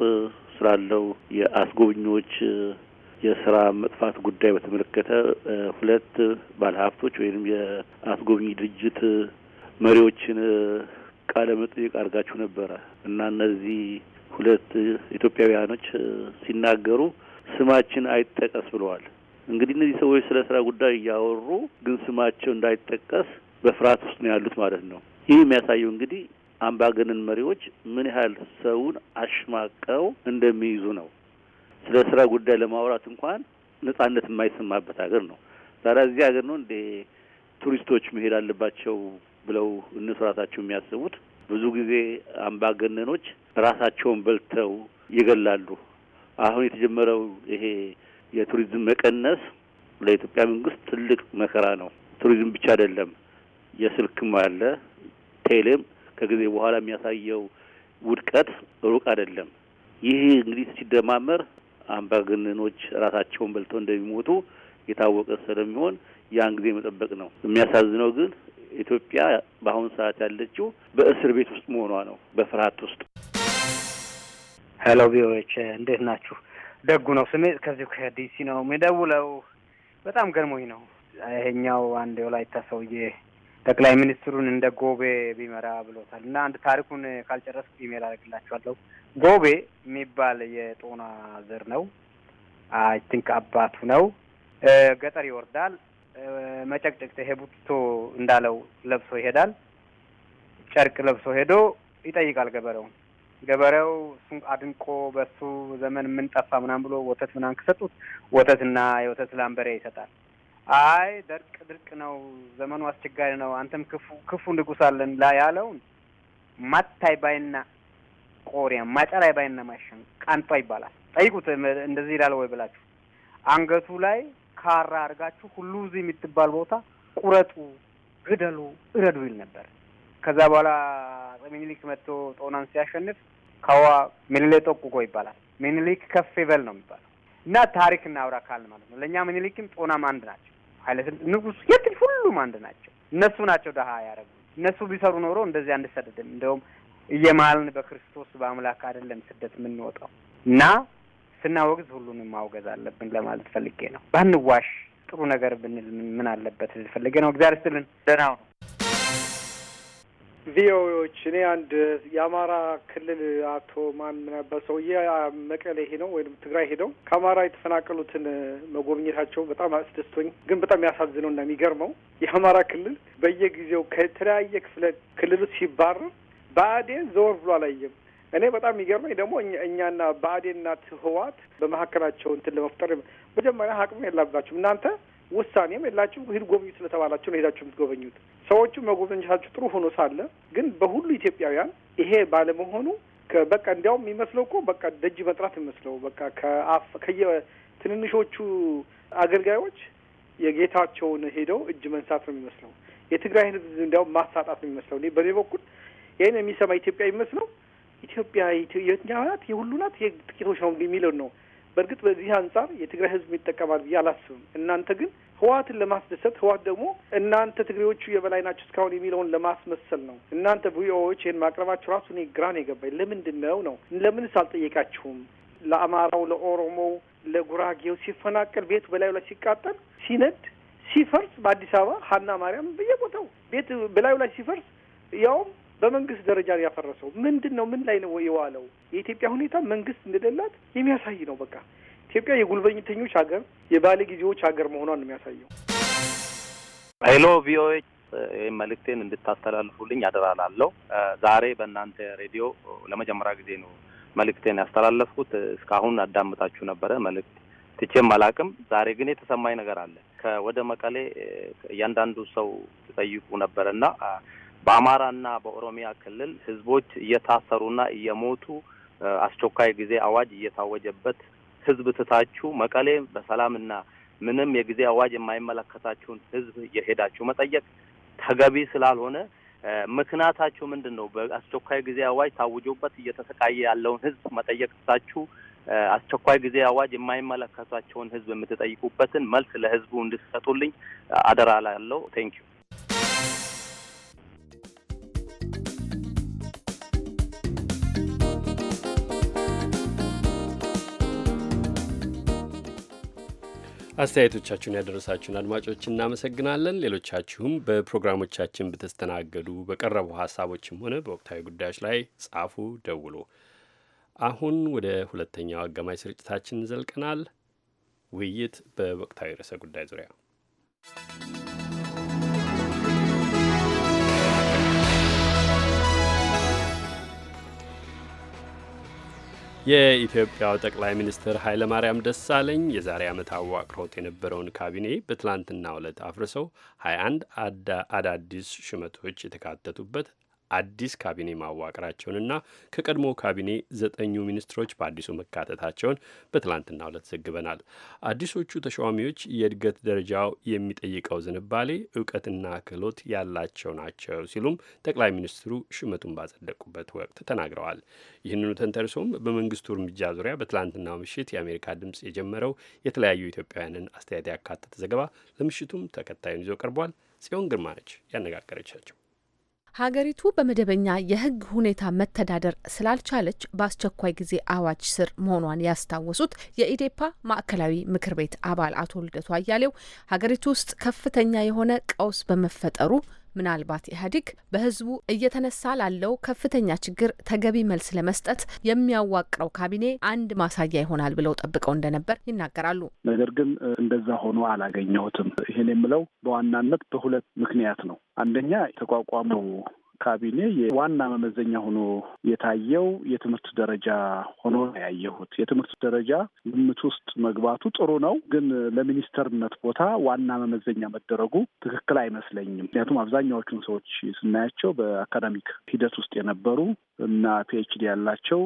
ስላለው የአስጎብኚዎች የስራ መጥፋት ጉዳይ በተመለከተ ሁለት ባለሀብቶች ወይም የአስጎብኚ ድርጅት መሪዎችን ቃለ መጠየቅ አድርጋችሁ ነበረ እና እነዚህ ሁለት ኢትዮጵያውያኖች ሲናገሩ ስማችን አይጠቀስ ብለዋል። እንግዲህ እነዚህ ሰዎች ስለ ስራ ጉዳይ እያወሩ ግን ስማቸው እንዳይጠቀስ በፍርሃት ውስጥ ነው ያሉት ማለት ነው። ይህ የሚያሳየው እንግዲህ አምባገነን መሪዎች ምን ያህል ሰውን አሽማቀው እንደሚይዙ ነው። ስለ ስራ ጉዳይ ለማውራት እንኳን ነጻነት የማይሰማበት ሀገር ነው። ዛሬ እዚህ ሀገር ነው እንዴ ቱሪስቶች መሄድ አለባቸው ብለው እነሱ ራሳቸው የሚያስቡት። ብዙ ጊዜ አምባገነኖች ራሳቸውን በልተው ይገላሉ። አሁን የተጀመረው ይሄ የቱሪዝም መቀነስ ለኢትዮጵያ መንግስት ትልቅ መከራ ነው። ቱሪዝም ብቻ አይደለም፣ የስልክም አለ ቴሌም ከጊዜ በኋላ የሚያሳየው ውድቀት ሩቅ አይደለም። ይህ እንግዲህ ሲደማመር አምባገነኖች ራሳቸውን በልተው እንደሚሞቱ የታወቀ ስለሚሆን ያን ጊዜ መጠበቅ ነው። የሚያሳዝነው ግን ኢትዮጵያ በአሁኑ ሰዓት ያለችው በእስር ቤት ውስጥ መሆኗ ነው፣ በፍርሀት ውስጥ። ሄሎ ቪዎች እንዴት ናችሁ? ደጉ ነው ስሜ ከዚሁ ከዲሲ ነው የሚደውለው። በጣም ገርሞኝ ነው ይሄኛው አንድ የወላይታ ሰውዬ ጠቅላይ ሚኒስትሩን እንደ ጎቤ ቢመራ ብሎታል። እና አንድ ታሪኩን ካልጨረስኩ ኢሜል አደርግላችኋለሁ። ጎቤ የሚባል የጦና ዘር ነው። አይ ቲንክ አባቱ ነው። ገጠር ይወርዳል። መጨቅጨቅ ይሄ እንዳለው ለብሶ ይሄዳል። ጨርቅ ለብሶ ሄዶ ይጠይቃል ገበሬውን። ገበሬው እሱን አድንቆ በሱ ዘመን የምንጠፋ ምናም ብሎ ወተት ምናም ከሰጡት ወተትና የወተት ላምበሬ ይሰጣል። አይ ደርቅ ድርቅ ነው፣ ዘመኑ አስቸጋሪ ነው፣ አንተም ክፉ ክፉ ንጉስ አለን ላ ያለውን ማታይ ባይና ቆሪያ ማጨራይ ባይና ማሽን ቃንጧ ይባላል። ጠይቁት እንደዚህ ይላል ወይ ብላችሁ አንገቱ ላይ ካራ አድርጋችሁ ሁሉ እዚህ የምትባል ቦታ ቁረጡ፣ ግደሉ፣ እረዱ ይል ነበር። ከዛ በኋላ ሚኒሊክ መጥቶ ጦናን ሲያሸንፍ ከዋ ሚኒሌ ጠቁቆ ይባላል። ሚኒሊክ ከፍ ይበል ነው የሚባለው እና ታሪክ እናውራ ካል ማለት ነው። ለእኛ ሚኒሊክም ጦናም አንድ ናቸው። ኃይለስል ንጉሱ የትል ሁሉም አንድ ናቸው። እነሱ ናቸው ደሀ ያደረጉ። እነሱ ቢሰሩ ኖሮ እንደዚህ አንሰደድም። እንደውም እየማልን በክርስቶስ በአምላክ አይደለም ስደት የምንወጣው እና ስናወግዝ ሁሉንም ማውገዝ አለብን ለማለት ፈልጌ ነው። ባንዋሽ ጥሩ ነገር ብንል ምን አለበት ፈልጌ ነው። እግዚአብሔር ይስጥልን። ደህና ነው። ቪኦኤዎች እኔ አንድ የአማራ ክልል አቶ ማን ነበር ሰውዬ መቀሌ ሄደው ወይም ትግራይ ሄደው ከአማራ የተፈናቀሉትን መጎብኘታቸው በጣም አስደስቶኝ፣ ግን በጣም የሚያሳዝነው እና የሚገርመው የአማራ ክልል በየጊዜው ከተለያየ ክፍለ ክልሉ ሲባረር ብአዴን ዘወር ብሎ አላየም። እኔ በጣም የሚገርመኝ ደግሞ እኛና ብአዴንና ህወሓት በመካከላቸው እንትን ለመፍጠር መጀመሪያ አቅም የላባቸው እናንተ ውሳኔም የላችሁም። ሂድ ጎብኙ ስለተባላችሁ ነው ሄዳችሁ የምትጎበኙት። ሰዎቹ መጎብኘታችሁ ጥሩ ሆኖ ሳለ ግን በሁሉ ኢትዮጵያውያን ይሄ ባለመሆኑ በቃ እንዲያውም የሚመስለው እኮ በቃ ደጅ መጥራት የሚመስለው በቃ ከአፍ ከየ ትንንሾቹ አገልጋዮች የጌታቸውን ሄደው እጅ መንሳት ነው የሚመስለው። የትግራይ ህዝብ እንዲያውም ማሳጣት ነው የሚመስለው። እኔ በእኔ በኩል ይህን የሚሰማ ኢትዮጵያ የሚመስለው ኢትዮጵያ ኢትዮጵያውያት የሁሉ ናት የጥቂቶች ነው የሚለው ነው በእርግጥ በዚህ አንጻር የትግራይ ህዝብ ይጠቀማል ብዬ አላስብም። እናንተ ግን ህወሓትን ለማስደሰት ህወሓት ደግሞ እናንተ ትግሬዎቹ የበላይ ናቸው እስካሁን የሚለውን ለማስመሰል ነው። እናንተ ቪኦኤዎች ይህን ማቅረባቸው ራሱ እኔ ግራን ነው የገባኝ። ለምንድን ነው ነው ለምንስ አልጠየቃችሁም? ለአማራው፣ ለኦሮሞው፣ ለጉራጌው ሲፈናቀል ቤቱ በላዩ ላይ ሲቃጠል ሲነድ ሲፈርስ በአዲስ አበባ ሀና ማርያም በየቦታው ቤት በላዩ ላይ ሲፈርስ ያውም በመንግስት ደረጃ ያፈረሰው ምንድን ነው? ምን ላይ ነው የዋለው? የኢትዮጵያ ሁኔታ መንግስት እንደሌላት የሚያሳይ ነው። በቃ ኢትዮጵያ የጉልበኝተኞች ሀገር፣ የባለ ጊዜዎች ሀገር መሆኗን ነው የሚያሳየው። ሄሎ ቪኦኤ ይህም መልእክቴን እንድታስተላልፉልኝ አደራላለሁ። ዛሬ በእናንተ ሬዲዮ ለመጀመሪያ ጊዜ ነው መልእክቴን ያስተላለፍኩት። እስካሁን አዳምጣችሁ ነበረ። መልእክት ትቼም አላቅም። ዛሬ ግን የተሰማኝ ነገር አለ። ከወደ መቀሌ እያንዳንዱ ሰው ትጠይቁ ነበረ ነበረና በአማራና በኦሮሚያ ክልል ህዝቦች እየታሰሩና እየሞቱ አስቸኳይ ጊዜ አዋጅ እየታወጀበት ህዝብ ትታችሁ መቀሌ በሰላምና ምንም የጊዜ አዋጅ የማይመለከታችሁን ህዝብ እየሄዳችሁ መጠየቅ ተገቢ ስላልሆነ ምክንያታችሁ ምንድን ነው? በአስቸኳይ ጊዜ አዋጅ ታውጆበት እየተሰቃየ ያለውን ህዝብ መጠየቅ ትታችሁ አስቸኳይ ጊዜ አዋጅ የማይመለከታቸውን ህዝብ የምትጠይቁበትን መልስ ለህዝቡ እንድትሰጡልኝ አደራ ላለው። ቴንኪዩ አስተያየቶቻችሁን ያደረሳችሁን አድማጮች እናመሰግናለን። ሌሎቻችሁም በፕሮግራሞቻችን በተስተናገዱ በቀረቡ ሀሳቦችም ሆነ በወቅታዊ ጉዳዮች ላይ ጻፉ፣ ደውሉ። አሁን ወደ ሁለተኛው አጋማሽ ስርጭታችን ዘልቀናል። ውይይት በወቅታዊ ርዕሰ ጉዳይ ዙሪያ የኢትዮጵያው ጠቅላይ ሚኒስትር ኃይለማርያም ደሳለኝ የዛሬ ዓመት አዋቅሮት የነበረውን ካቢኔ በትላንትና ዕለት አፍርሰው 21 አዳዲስ ሹመቶች የተካተቱበት አዲስ ካቢኔ ማዋቅራቸውንና ከቀድሞ ካቢኔ ዘጠኙ ሚኒስትሮች በአዲሱ መካተታቸውን በትላንትና ዕለት ዘግበናል። አዲሶቹ ተሿሚዎች የእድገት ደረጃው የሚጠይቀው ዝንባሌ፣ እውቀትና ክህሎት ያላቸው ናቸው ሲሉም ጠቅላይ ሚኒስትሩ ሹመቱን ባጸደቁበት ወቅት ተናግረዋል። ይህንኑ ተንተርሶም በመንግስቱ እርምጃ ዙሪያ በትላንትናው ምሽት የአሜሪካ ድምፅ የጀመረው የተለያዩ ኢትዮጵያውያንን አስተያየት ያካተተ ዘገባ ለምሽቱም ተከታዩን ይዞ ቀርቧል። ጽዮን ግርማ ነች ያነጋገረቻቸው። ሀገሪቱ በመደበኛ የህግ ሁኔታ መተዳደር ስላልቻለች በአስቸኳይ ጊዜ አዋጅ ስር መሆኗን ያስታወሱት የኢዴፓ ማዕከላዊ ምክር ቤት አባል አቶ ልደቱ አያሌው ሀገሪቱ ውስጥ ከፍተኛ የሆነ ቀውስ በመፈጠሩ ምናልባት ኢህአዴግ በህዝቡ እየተነሳ ላለው ከፍተኛ ችግር ተገቢ መልስ ለመስጠት የሚያዋቅረው ካቢኔ አንድ ማሳያ ይሆናል ብለው ጠብቀው እንደነበር ይናገራሉ። ነገር ግን እንደዛ ሆኖ አላገኘሁትም። ይህን የምለው በዋናነት በሁለት ምክንያት ነው። አንደኛ የተቋቋመው ካቢኔ ዋና መመዘኛ ሆኖ የታየው የትምህርት ደረጃ ሆኖ ያየሁት። የትምህርት ደረጃ ግምት ውስጥ መግባቱ ጥሩ ነው፣ ግን ለሚኒስተርነት ቦታ ዋና መመዘኛ መደረጉ ትክክል አይመስለኝም። ምክንያቱም አብዛኛዎቹን ሰዎች ስናያቸው በአካዳሚክ ሂደት ውስጥ የነበሩ እና ፒኤችዲ ያላቸው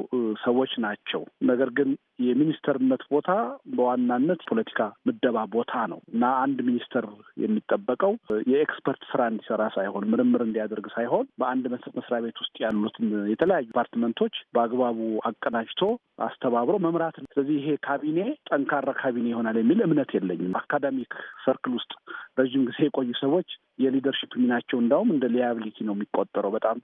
ሰዎች ናቸው። ነገር ግን የሚኒስተርነት ቦታ በዋናነት ፖለቲካ ምደባ ቦታ ነው እና አንድ ሚኒስተር የሚጠበቀው የኤክስፐርት ስራ እንዲሰራ ሳይሆን ምርምር እንዲያደርግ ሳይሆን በአንድ መስሪያ ቤት ውስጥ ያሉትን የተለያዩ ዲፓርትመንቶች በአግባቡ አቀናጅቶ አስተባብሮ መምራት። ስለዚህ ይሄ ካቢኔ ጠንካራ ካቢኔ ይሆናል የሚል እምነት የለኝም። አካዳሚክ ሰርክል ውስጥ ረዥም ጊዜ የቆዩ ሰዎች የሊደርሽፕ ሚናቸው እንዳውም እንደ ሊያብሊቲ ነው የሚቆጠረው በጣም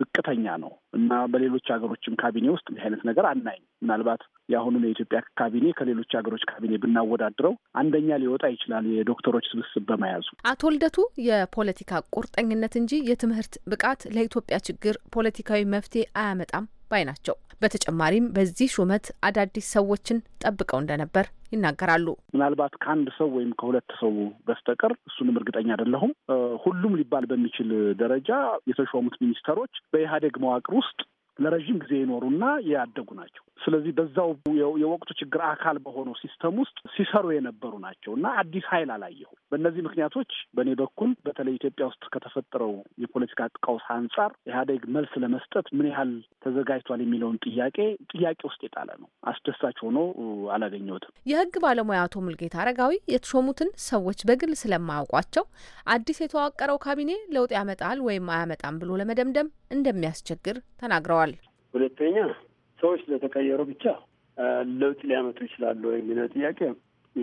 ዝቅተኛ ነው እና በሌሎች ሀገሮችም ካቢኔ ውስጥ እንዲህ አይነት ነገር አናይም። ምናልባት የአሁኑን የኢትዮጵያ ካቢኔ ከሌሎች ሀገሮች ካቢኔ ብናወዳድረው አንደኛ ሊወጣ ይችላል የዶክተሮች ስብስብ በመያዙ። አቶ ልደቱ የፖለቲካ ቁርጠኝነት እንጂ የትምህርት ብቃት ለኢትዮጵያ ችግር ፖለቲካዊ መፍትሄ አያመጣም ባይ ናቸው። በተጨማሪም በዚህ ሹመት አዳዲስ ሰዎችን ጠብቀው እንደነበር ይናገራሉ። ምናልባት ከአንድ ሰው ወይም ከሁለት ሰው በስተቀር እሱንም እርግጠኛ አይደለሁም። ሁሉም ሊባል በሚችል ደረጃ የተሾሙት ሚኒስተሮች በኢህአዴግ መዋቅር ውስጥ ለረዥም ጊዜ የኖሩና ያደጉ ናቸው። ስለዚህ በዛው የወቅቱ ችግር አካል በሆነው ሲስተም ውስጥ ሲሰሩ የነበሩ ናቸው እና አዲስ ኃይል አላየሁ። በእነዚህ ምክንያቶች በእኔ በኩል በተለይ ኢትዮጵያ ውስጥ ከተፈጠረው የፖለቲካ ቀውስ አንጻር ኢህአዴግ መልስ ለመስጠት ምን ያህል ተዘጋጅቷል የሚለውን ጥያቄ ጥያቄ ውስጥ የጣለ ነው። አስደሳች ሆኖ አላገኘሁትም። የህግ ባለሙያ አቶ ሙልጌታ አረጋዊ የተሾሙትን ሰዎች በግል ስለማያውቋቸው አዲስ የተዋቀረው ካቢኔ ለውጥ ያመጣል ወይም አያመጣም ብሎ ለመደምደም እንደሚያስቸግር ተናግረዋል። ሁለተኛ ሰዎች ስለተቀየሩ ብቻ ለውጥ ሊያመጡ ይችላሉ የሚለው ጥያቄ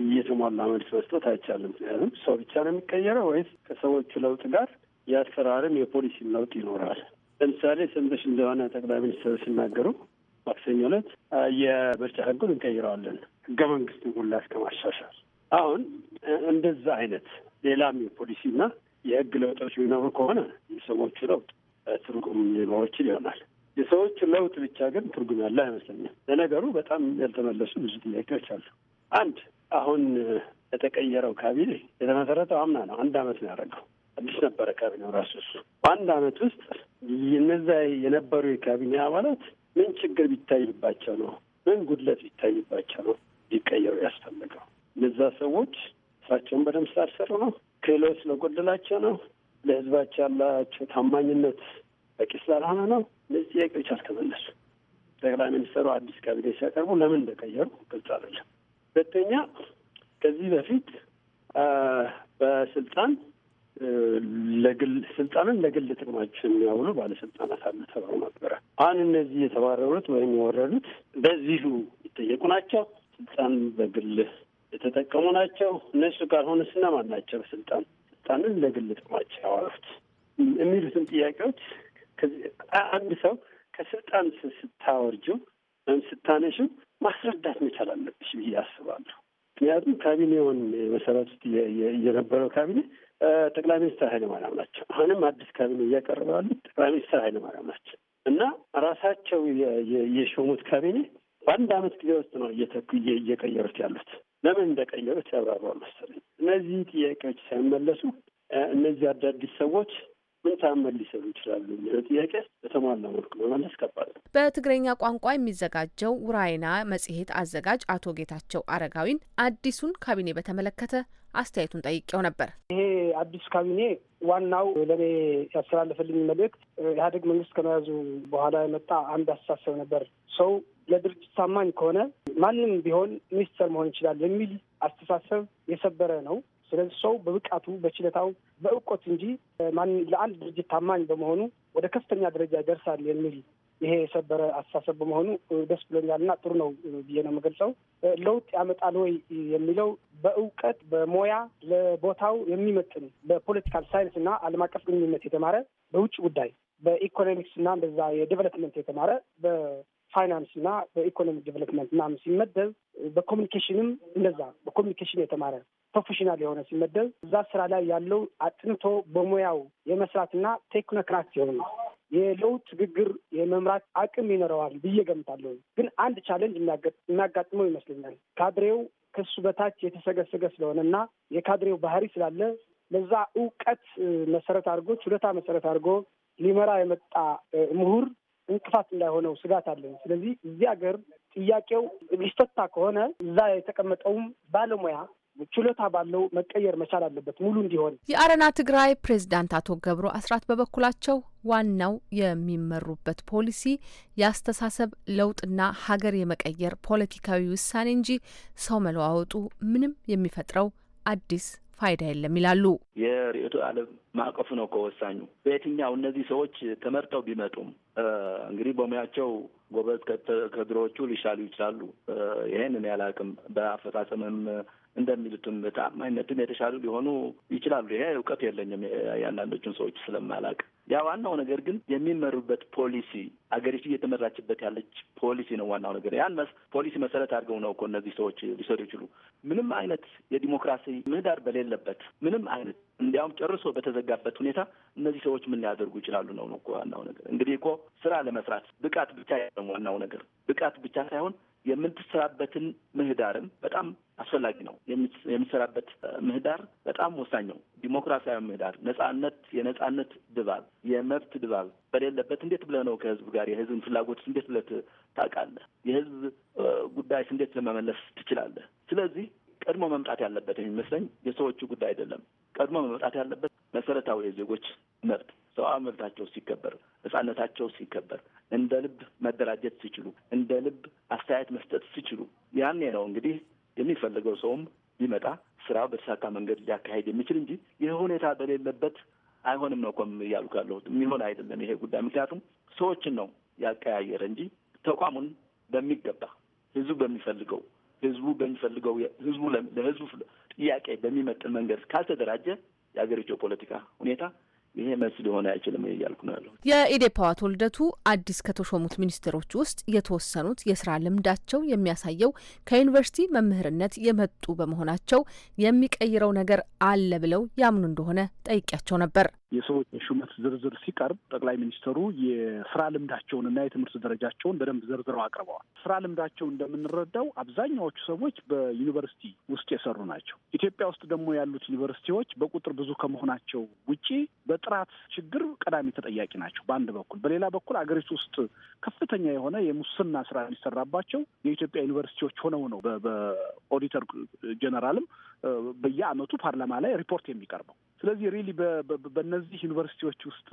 እየተሟላ መልስ መስጠት አይቻልም። ምክንያቱም ሰው ብቻ ነው የሚቀየረው ወይስ ከሰዎቹ ለውጥ ጋር የአሰራርም የፖሊሲም ለውጥ ይኖራል? ለምሳሌ ሰምተሽ እንደሆነ ጠቅላይ ሚኒስትር ሲናገሩ ማክሰኞ ዕለት የምርጫ ህጉን እንቀይረዋለን ህገ መንግስትን ሁላ እስከ ማሻሻል። አሁን እንደዛ አይነት ሌላም የፖሊሲና የህግ ለውጦች የሚኖሩ ከሆነ የሰዎቹ ለውጥ ትርጉም ሊኖሮችን ይሆናል። የሰዎች ለውጥ ብቻ ግን ትርጉም ያለ አይመስለኛል። ለነገሩ በጣም ያልተመለሱ ብዙ ጥያቄዎች አሉ። አንድ አሁን የተቀየረው ካቢኔ የተመሰረተው አምና ነው። አንድ አመት ነው ያደረገው። አዲስ ነበረ ካቢኔው ራሱ እሱ በአንድ አመት ውስጥ እነዛ የነበሩ የካቢኔ አባላት ምን ችግር ቢታይባቸው ነው? ምን ጉድለት ቢታይባቸው ነው ሊቀየሩ ያስፈልገው? እነዛ ሰዎች ስራቸውን በደንብ ስላልሰሩ ነው? ክህሎት ስለጎደላቸው ነው? ለህዝባቸው ያላቸው ታማኝነት በቂ ስላልሆነ ነው። እነዚህ ጥያቄዎች አልተመለሱ። ጠቅላይ ሚኒስትሩ አዲስ ካቢኔ ሲያቀርቡ ለምን እንደቀየሩ ግልጽ አይደለም። ሁለተኛ ከዚህ በፊት በስልጣን ለግል ስልጣንን ለግል ጥቅማቸው የሚያውሉ ባለስልጣናት አሉ ተባሉ ነበረ። አሁን እነዚህ የተባረሩት ወይም የወረዱት በዚሁ ይጠየቁ ናቸው። ስልጣን በግል የተጠቀሙ ናቸው። እነሱ ካልሆነ እነማን ናቸው? በስልጣን ስልጣንን ለግል ጥቅማቸው ያዋሉት የሚሉትን ጥያቄዎች አንድ ሰው ከስልጣን ስታወርጁ ወይም ስታነሹ ማስረዳት መቻል አለብሽ ብዬ አስባለሁ። ምክንያቱም ካቢኔውን መሰረት የነበረው ካቢኔ ጠቅላይ ሚኒስትር ኃይለማርያም ናቸው። አሁንም አዲስ ካቢኔ እያቀረበ ያሉት ጠቅላይ ሚኒስትር ኃይለማርያም ናቸው እና ራሳቸው የሾሙት ካቢኔ በአንድ አመት ጊዜ ውስጥ ነው እየቀየሩት ያሉት። ለምን እንደቀየሩት ያብራራዋል መሰለኝ። እነዚህ ጥያቄዎች ሳይመለሱ እነዚህ አዳዲስ ሰዎች በጣም መልሰው ይችላሉ ጥያቄ በተሟላ መልኩ በመለስ ከባድ በትግረኛ ቋንቋ የሚዘጋጀው ውራይና መጽሔት አዘጋጅ አቶ ጌታቸው አረጋዊን አዲሱን ካቢኔ በተመለከተ አስተያየቱን ጠይቄው ነበር። ይሄ አዲሱ ካቢኔ ዋናው ለእኔ ያስተላለፈልኝ መልእክት ኢህአዴግ መንግስት ከመያዙ በኋላ የመጣ አንድ አስተሳሰብ ነበር። ሰው ለድርጅት ታማኝ ከሆነ ማንም ቢሆን ሚኒስተር መሆን ይችላል የሚል አስተሳሰብ የሰበረ ነው። ስለዚህ ሰው በብቃቱ በችለታው፣ በእውቀቱ እንጂ ለአንድ ድርጅት ታማኝ በመሆኑ ወደ ከፍተኛ ደረጃ ይደርሳል የሚል ይሄ የሰበረ አስተሳሰብ በመሆኑ ደስ ብሎኛል እና ጥሩ ነው ብዬ ነው የምገልጸው። ለውጥ ያመጣል ወይ የሚለው በእውቀት በሞያ ለቦታው የሚመጥን በፖለቲካል ሳይንስ እና ዓለም አቀፍ ግንኙነት የተማረ በውጭ ጉዳይ በኢኮኖሚክስ እና እንደዛ የዴቨሎፕመንት የተማረ ፋይናንስ እና በኢኮኖሚክ ዲቨሎፕመንት ምናምን ሲመደብ በኮሚኒኬሽንም እንደዛ በኮሚኒኬሽን የተማረ ፕሮፌሽናል የሆነ ሲመደብ እዛ ስራ ላይ ያለው አጥንቶ በሙያው የመስራትና ቴክኖክራት የሆነ የለውጥ ግግር የመምራት አቅም ይኖረዋል ብዬ ገምታለሁ። ግን አንድ ቻለንጅ የሚያጋጥመው ይመስለኛል ካድሬው ከሱ በታች የተሰገሰገ ስለሆነ እና የካድሬው ባህሪ ስላለ ለዛ እውቀት መሰረት አድርጎ ችሎታ መሰረት አድርጎ ሊመራ የመጣ ምሁር እንቅፋት እንዳይሆነው ስጋት አለን። ስለዚህ እዚህ ሀገር ጥያቄው ሊፈታ ከሆነ እዛ የተቀመጠውም ባለሙያ ችሎታ ባለው መቀየር መቻል አለበት ሙሉ እንዲሆን። የአረና ትግራይ ፕሬዚዳንት አቶ ገብሩ አስራት በበኩላቸው ዋናው የሚመሩበት ፖሊሲ የአስተሳሰብ ለውጥና ሀገር የመቀየር ፖለቲካዊ ውሳኔ እንጂ ሰው መለዋወጡ ምንም የሚፈጥረው አዲስ ፋይዳ የለም ይላሉ። የርዕዮተ ዓለም ማዕቀፉ ነው ከወሳኙ በየትኛው እነዚህ ሰዎች ተመርጠው ቢመጡም እንግዲህ በሙያቸው ጎበዝ ከድሮዎቹ ሊሻሉ ይችላሉ። ይህንን ያላቅም በአፈጻጸምም እንደሚሉትም ታማኝነትን የተሻሉ ሊሆኑ ይችላሉ። ይሄ እውቀት የለኝም የአንዳንዶቹን ሰዎች ስለማላቅ። ያ ዋናው ነገር ግን የሚመሩበት ፖሊሲ አገሪቱ እየተመራችበት ያለች ፖሊሲ ነው ዋናው ነገር። ያን ፖሊሲ መሰረት አድርገው ነው እኮ እነዚህ ሰዎች ሊሰሩ ይችሉ። ምንም አይነት የዲሞክራሲ ምህዳር በሌለበት ምንም አይነት እንዲያውም ጨርሶ በተዘጋበት ሁኔታ እነዚህ ሰዎች ምን ሊያደርጉ ይችላሉ ነው እኮ ዋናው ነገር። እንግዲህ እኮ ስራ ለመስራት ብቃት ብቻ ዋናው ነገር ብቃት ብቻ ሳይሆን የምትሰራበትን ምህዳርም በጣም አስፈላጊ ነው። የምትሰራበት ምህዳር በጣም ወሳኝ ነው። ዲሞክራሲያዊ ምህዳር፣ ነጻነት፣ የነጻነት ድባብ፣ የመብት ድባብ በሌለበት እንዴት ብለህ ነው ከህዝብ ጋር የህዝብን ፍላጎትስ እንዴት ብለህ ታውቃለህ? የህዝብ ጉዳይስ እንዴት ለመመለስ ትችላለህ? ስለዚህ ቀድሞ መምጣት ያለበት የሚመስለኝ የሰዎቹ ጉዳይ አይደለም። ቀድሞ መምጣት ያለበት መሰረታዊ የዜጎች መብት ሰብአዊ መብታቸው ሲከበር፣ ነጻነታቸው ሲከበር እንደ ልብ መደራጀት ሲችሉ፣ እንደ ልብ አስተያየት መስጠት ሲችሉ፣ ያኔ ነው እንግዲህ የሚፈልገው ሰውም ቢመጣ ስራው በተሳካ መንገድ ሊያካሄድ የሚችል እንጂ ይህ ሁኔታ በሌለበት አይሆንም ነው ኮም እያሉ ካለሁት የሚሆን አይደለም ይሄ ጉዳይ። ምክንያቱም ሰዎችን ነው ያቀያየረ እንጂ ተቋሙን በሚገባ ህዝቡ በሚፈልገው ህዝቡ በሚፈልገው ህዝቡ ለህዝቡ ጥያቄ በሚመጥን መንገድ ካልተደራጀ የሀገሪቱ የፖለቲካ ሁኔታ ይሄ መልስ ሊሆን አይችልም እያልኩ ነው ያለሁት። የኢዴፓ አቶ ልደቱ አዲስ ከተሾሙት ሚኒስትሮች ውስጥ የተወሰኑት የስራ ልምዳቸው የሚያሳየው ከዩኒቨርሲቲ መምህርነት የመጡ በመሆናቸው የሚቀይረው ነገር አለ ብለው ያምኑ እንደሆነ ጠይቂያቸው ነበር። የሰዎች ሹመት ዝርዝር ሲቀርብ ጠቅላይ ሚኒስትሩ የስራ ልምዳቸውንና የትምህርት ደረጃቸውን በደንብ ዘርዝረው አቅርበዋል። ስራ ልምዳቸው እንደምንረዳው አብዛኛዎቹ ሰዎች በዩኒቨርሲቲ ውስጥ የሰሩ ናቸው። ኢትዮጵያ ውስጥ ደግሞ ያሉት ዩኒቨርሲቲዎች በቁጥር ብዙ ከመሆናቸው ውጪ በጥራት ችግር ቀዳሚ ተጠያቂ ናቸው በአንድ በኩል። በሌላ በኩል አገሪቱ ውስጥ ከፍተኛ የሆነ የሙስና ስራ የሚሰራባቸው የኢትዮጵያ ዩኒቨርሲቲዎች ሆነው ነው በኦዲተር ጀነራልም በየዓመቱ ፓርላማ ላይ ሪፖርት የሚቀርበው ስለዚህ ሪሊ በእነዚህ ዩኒቨርሲቲዎች ውስጥ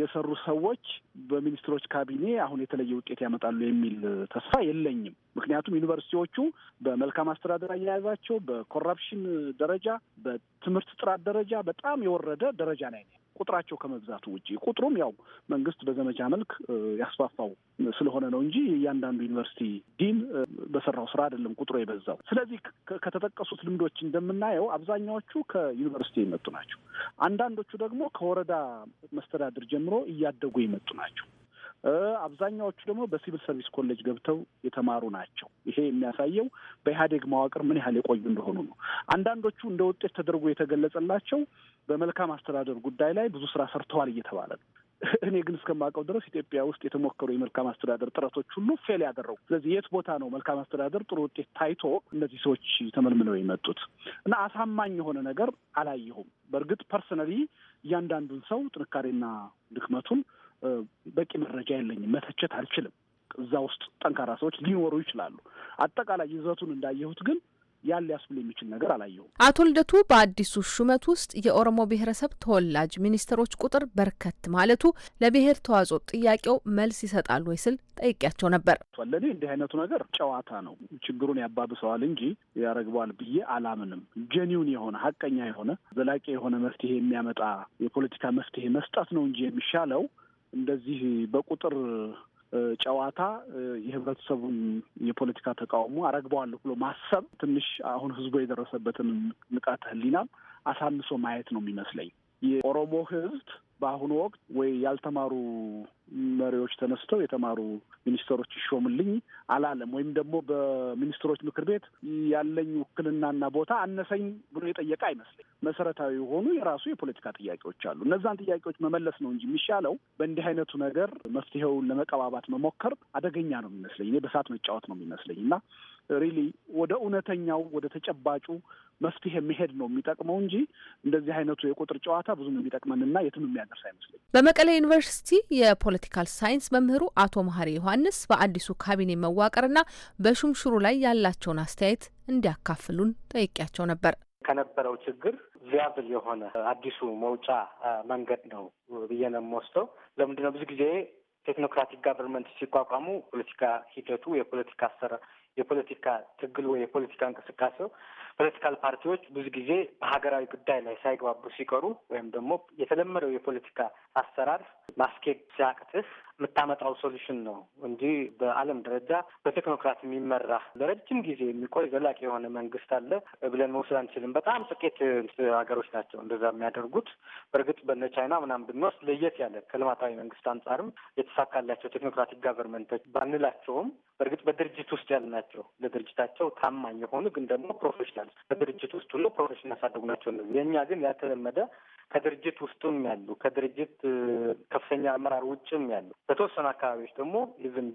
የሰሩ ሰዎች በሚኒስትሮች ካቢኔ አሁን የተለየ ውጤት ያመጣሉ የሚል ተስፋ የለኝም። ምክንያቱም ዩኒቨርሲቲዎቹ በመልካም አስተዳደር አያያዛቸው፣ በኮራፕሽን ደረጃ፣ በትምህርት ጥራት ደረጃ በጣም የወረደ ደረጃ ላይ ነው ቁጥራቸው ከመብዛቱ ውጭ ቁጥሩም ያው መንግስት በዘመቻ መልክ ያስፋፋው ስለሆነ ነው እንጂ እያንዳንዱ ዩኒቨርሲቲ ዲን በሰራው ስራ አይደለም ቁጥሩ የበዛው። ስለዚህ ከተጠቀሱት ልምዶች እንደምናየው አብዛኛዎቹ ከዩኒቨርሲቲ የመጡ ናቸው። አንዳንዶቹ ደግሞ ከወረዳ መስተዳድር ጀምሮ እያደጉ የመጡ ናቸው። አብዛኛዎቹ ደግሞ በሲቪል ሰርቪስ ኮሌጅ ገብተው የተማሩ ናቸው። ይሄ የሚያሳየው በኢህአዴግ መዋቅር ምን ያህል የቆዩ እንደሆኑ ነው። አንዳንዶቹ እንደ ውጤት ተደርጎ የተገለጸላቸው በመልካም አስተዳደር ጉዳይ ላይ ብዙ ስራ ሰርተዋል እየተባለ ነው። እኔ ግን እስከማውቀው ድረስ ኢትዮጵያ ውስጥ የተሞከሩ የመልካም አስተዳደር ጥረቶች ሁሉ ፌል ያደረጉ። ስለዚህ የት ቦታ ነው መልካም አስተዳደር ጥሩ ውጤት ታይቶ እነዚህ ሰዎች ተመልምለው የመጡት? እና አሳማኝ የሆነ ነገር አላየሁም። በእርግጥ ፐርሰናሊ እያንዳንዱን ሰው ጥንካሬና ድክመቱን በቂ መረጃ የለኝም፣ መተቸት አልችልም። እዛ ውስጥ ጠንካራ ሰዎች ሊኖሩ ይችላሉ። አጠቃላይ ይዘቱን እንዳየሁት ግን ያን ሊያስብል የሚችል ነገር አላየሁም። አቶ ልደቱ በአዲሱ ሹመት ውስጥ የኦሮሞ ብሔረሰብ ተወላጅ ሚኒስትሮች ቁጥር በርከት ማለቱ ለብሔር ተዋጽኦ ጥያቄው መልስ ይሰጣሉ ወይ ስል ጠይቄያቸው ነበር። ለእኔ እንዲህ አይነቱ ነገር ጨዋታ ነው፣ ችግሩን ያባብሰዋል እንጂ ያረግበዋል ብዬ አላምንም። ጀኒውን የሆነ ሀቀኛ የሆነ ዘላቂ የሆነ መፍትሄ የሚያመጣ የፖለቲካ መፍትሄ መስጠት ነው እንጂ የሚሻለው እንደዚህ በቁጥር ጨዋታ የህብረተሰቡን የፖለቲካ ተቃውሞ አረግበዋለሁ ብሎ ማሰብ ትንሽ አሁን ህዝቡ የደረሰበትን ንቃተ ህሊናም አሳንሶ ማየት ነው የሚመስለኝ። የኦሮሞ ህዝብ በአሁኑ ወቅት ወይ ያልተማሩ መሪዎች ተነስተው የተማሩ ሚኒስትሮች ይሾምልኝ አላለም። ወይም ደግሞ በሚኒስትሮች ምክር ቤት ያለኝ ውክልናና ቦታ አነሰኝ ብሎ የጠየቀ አይመስል። መሰረታዊ የሆኑ የራሱ የፖለቲካ ጥያቄዎች አሉ። እነዛን ጥያቄዎች መመለስ ነው እንጂ የሚሻለው በእንዲህ አይነቱ ነገር መፍትሄውን ለመቀባባት መሞከር አደገኛ ነው የሚመስለኝ። እኔ በእሳት መጫወት ነው የሚመስለኝ እና ሪሊ ወደ እውነተኛው ወደ ተጨባጩ መፍትሄ መሄድ ነው የሚጠቅመው እንጂ እንደዚህ አይነቱ የቁጥር ጨዋታ ብዙም የሚጠቅመንና የትም የሚያደርስ አይመስለኝ። በመቀሌ ዩኒቨርሲቲ የፖለቲካል ሳይንስ መምህሩ አቶ መሀሪ ዮሐንስ በአዲሱ ካቢኔ መዋቀርና በሹምሹሩ ላይ ያላቸውን አስተያየት እንዲያካፍሉን ጠይቄያቸው ነበር። ከነበረው ችግር ቪያብል የሆነ አዲሱ መውጫ መንገድ ነው ብዬ ነው የምወስደው። ለምንድነው ብዙ ጊዜ ቴክኖክራቲክ ጋቨርንመንት ሲቋቋሙ ፖለቲካ ሂደቱ የፖለቲካ የፖለቲካ ትግል ወይ የፖለቲካ እንቅስቃሴው ፖለቲካል ፓርቲዎች ብዙ ጊዜ በሀገራዊ ጉዳይ ላይ ሳይግባቡ ሲቀሩ ወይም ደግሞ የተለመደው የፖለቲካ አሰራር ማስኬድ ሲያቅትህ የምታመጣው ሶሉሽን ነው እንጂ በዓለም ደረጃ በቴክኖክራት የሚመራ ለረጅም ጊዜ የሚቆይ ዘላቂ የሆነ መንግስት አለ ብለን መውሰድ አንችልም። በጣም ጥቂት ሀገሮች ናቸው እንደዛ የሚያደርጉት። በእርግጥ በነ ቻይና ምናምን ብንወስድ ለየት ያለ ከልማታዊ መንግስት አንጻርም የተሳካላቸው ቴክኖክራቲክ ጋቨርንመንቶች ባንላቸውም በእርግጥ በድርጅት ውስጥ ያሉ ናቸው። ለድርጅታቸው ታማኝ የሆኑ ግን ደግሞ ፕሮፌሽናል በድርጅት ውስጥ ሁሉ ፕሮፌሽናል ያሳደጉ ናቸው። እነዚህ የእኛ ግን ያልተለመደ ከድርጅት ውስጥም ያሉ ከድርጅት ከፍተኛ አመራር ውጭም ያሉ በተወሰኑ አካባቢዎች ደግሞ ኢቭን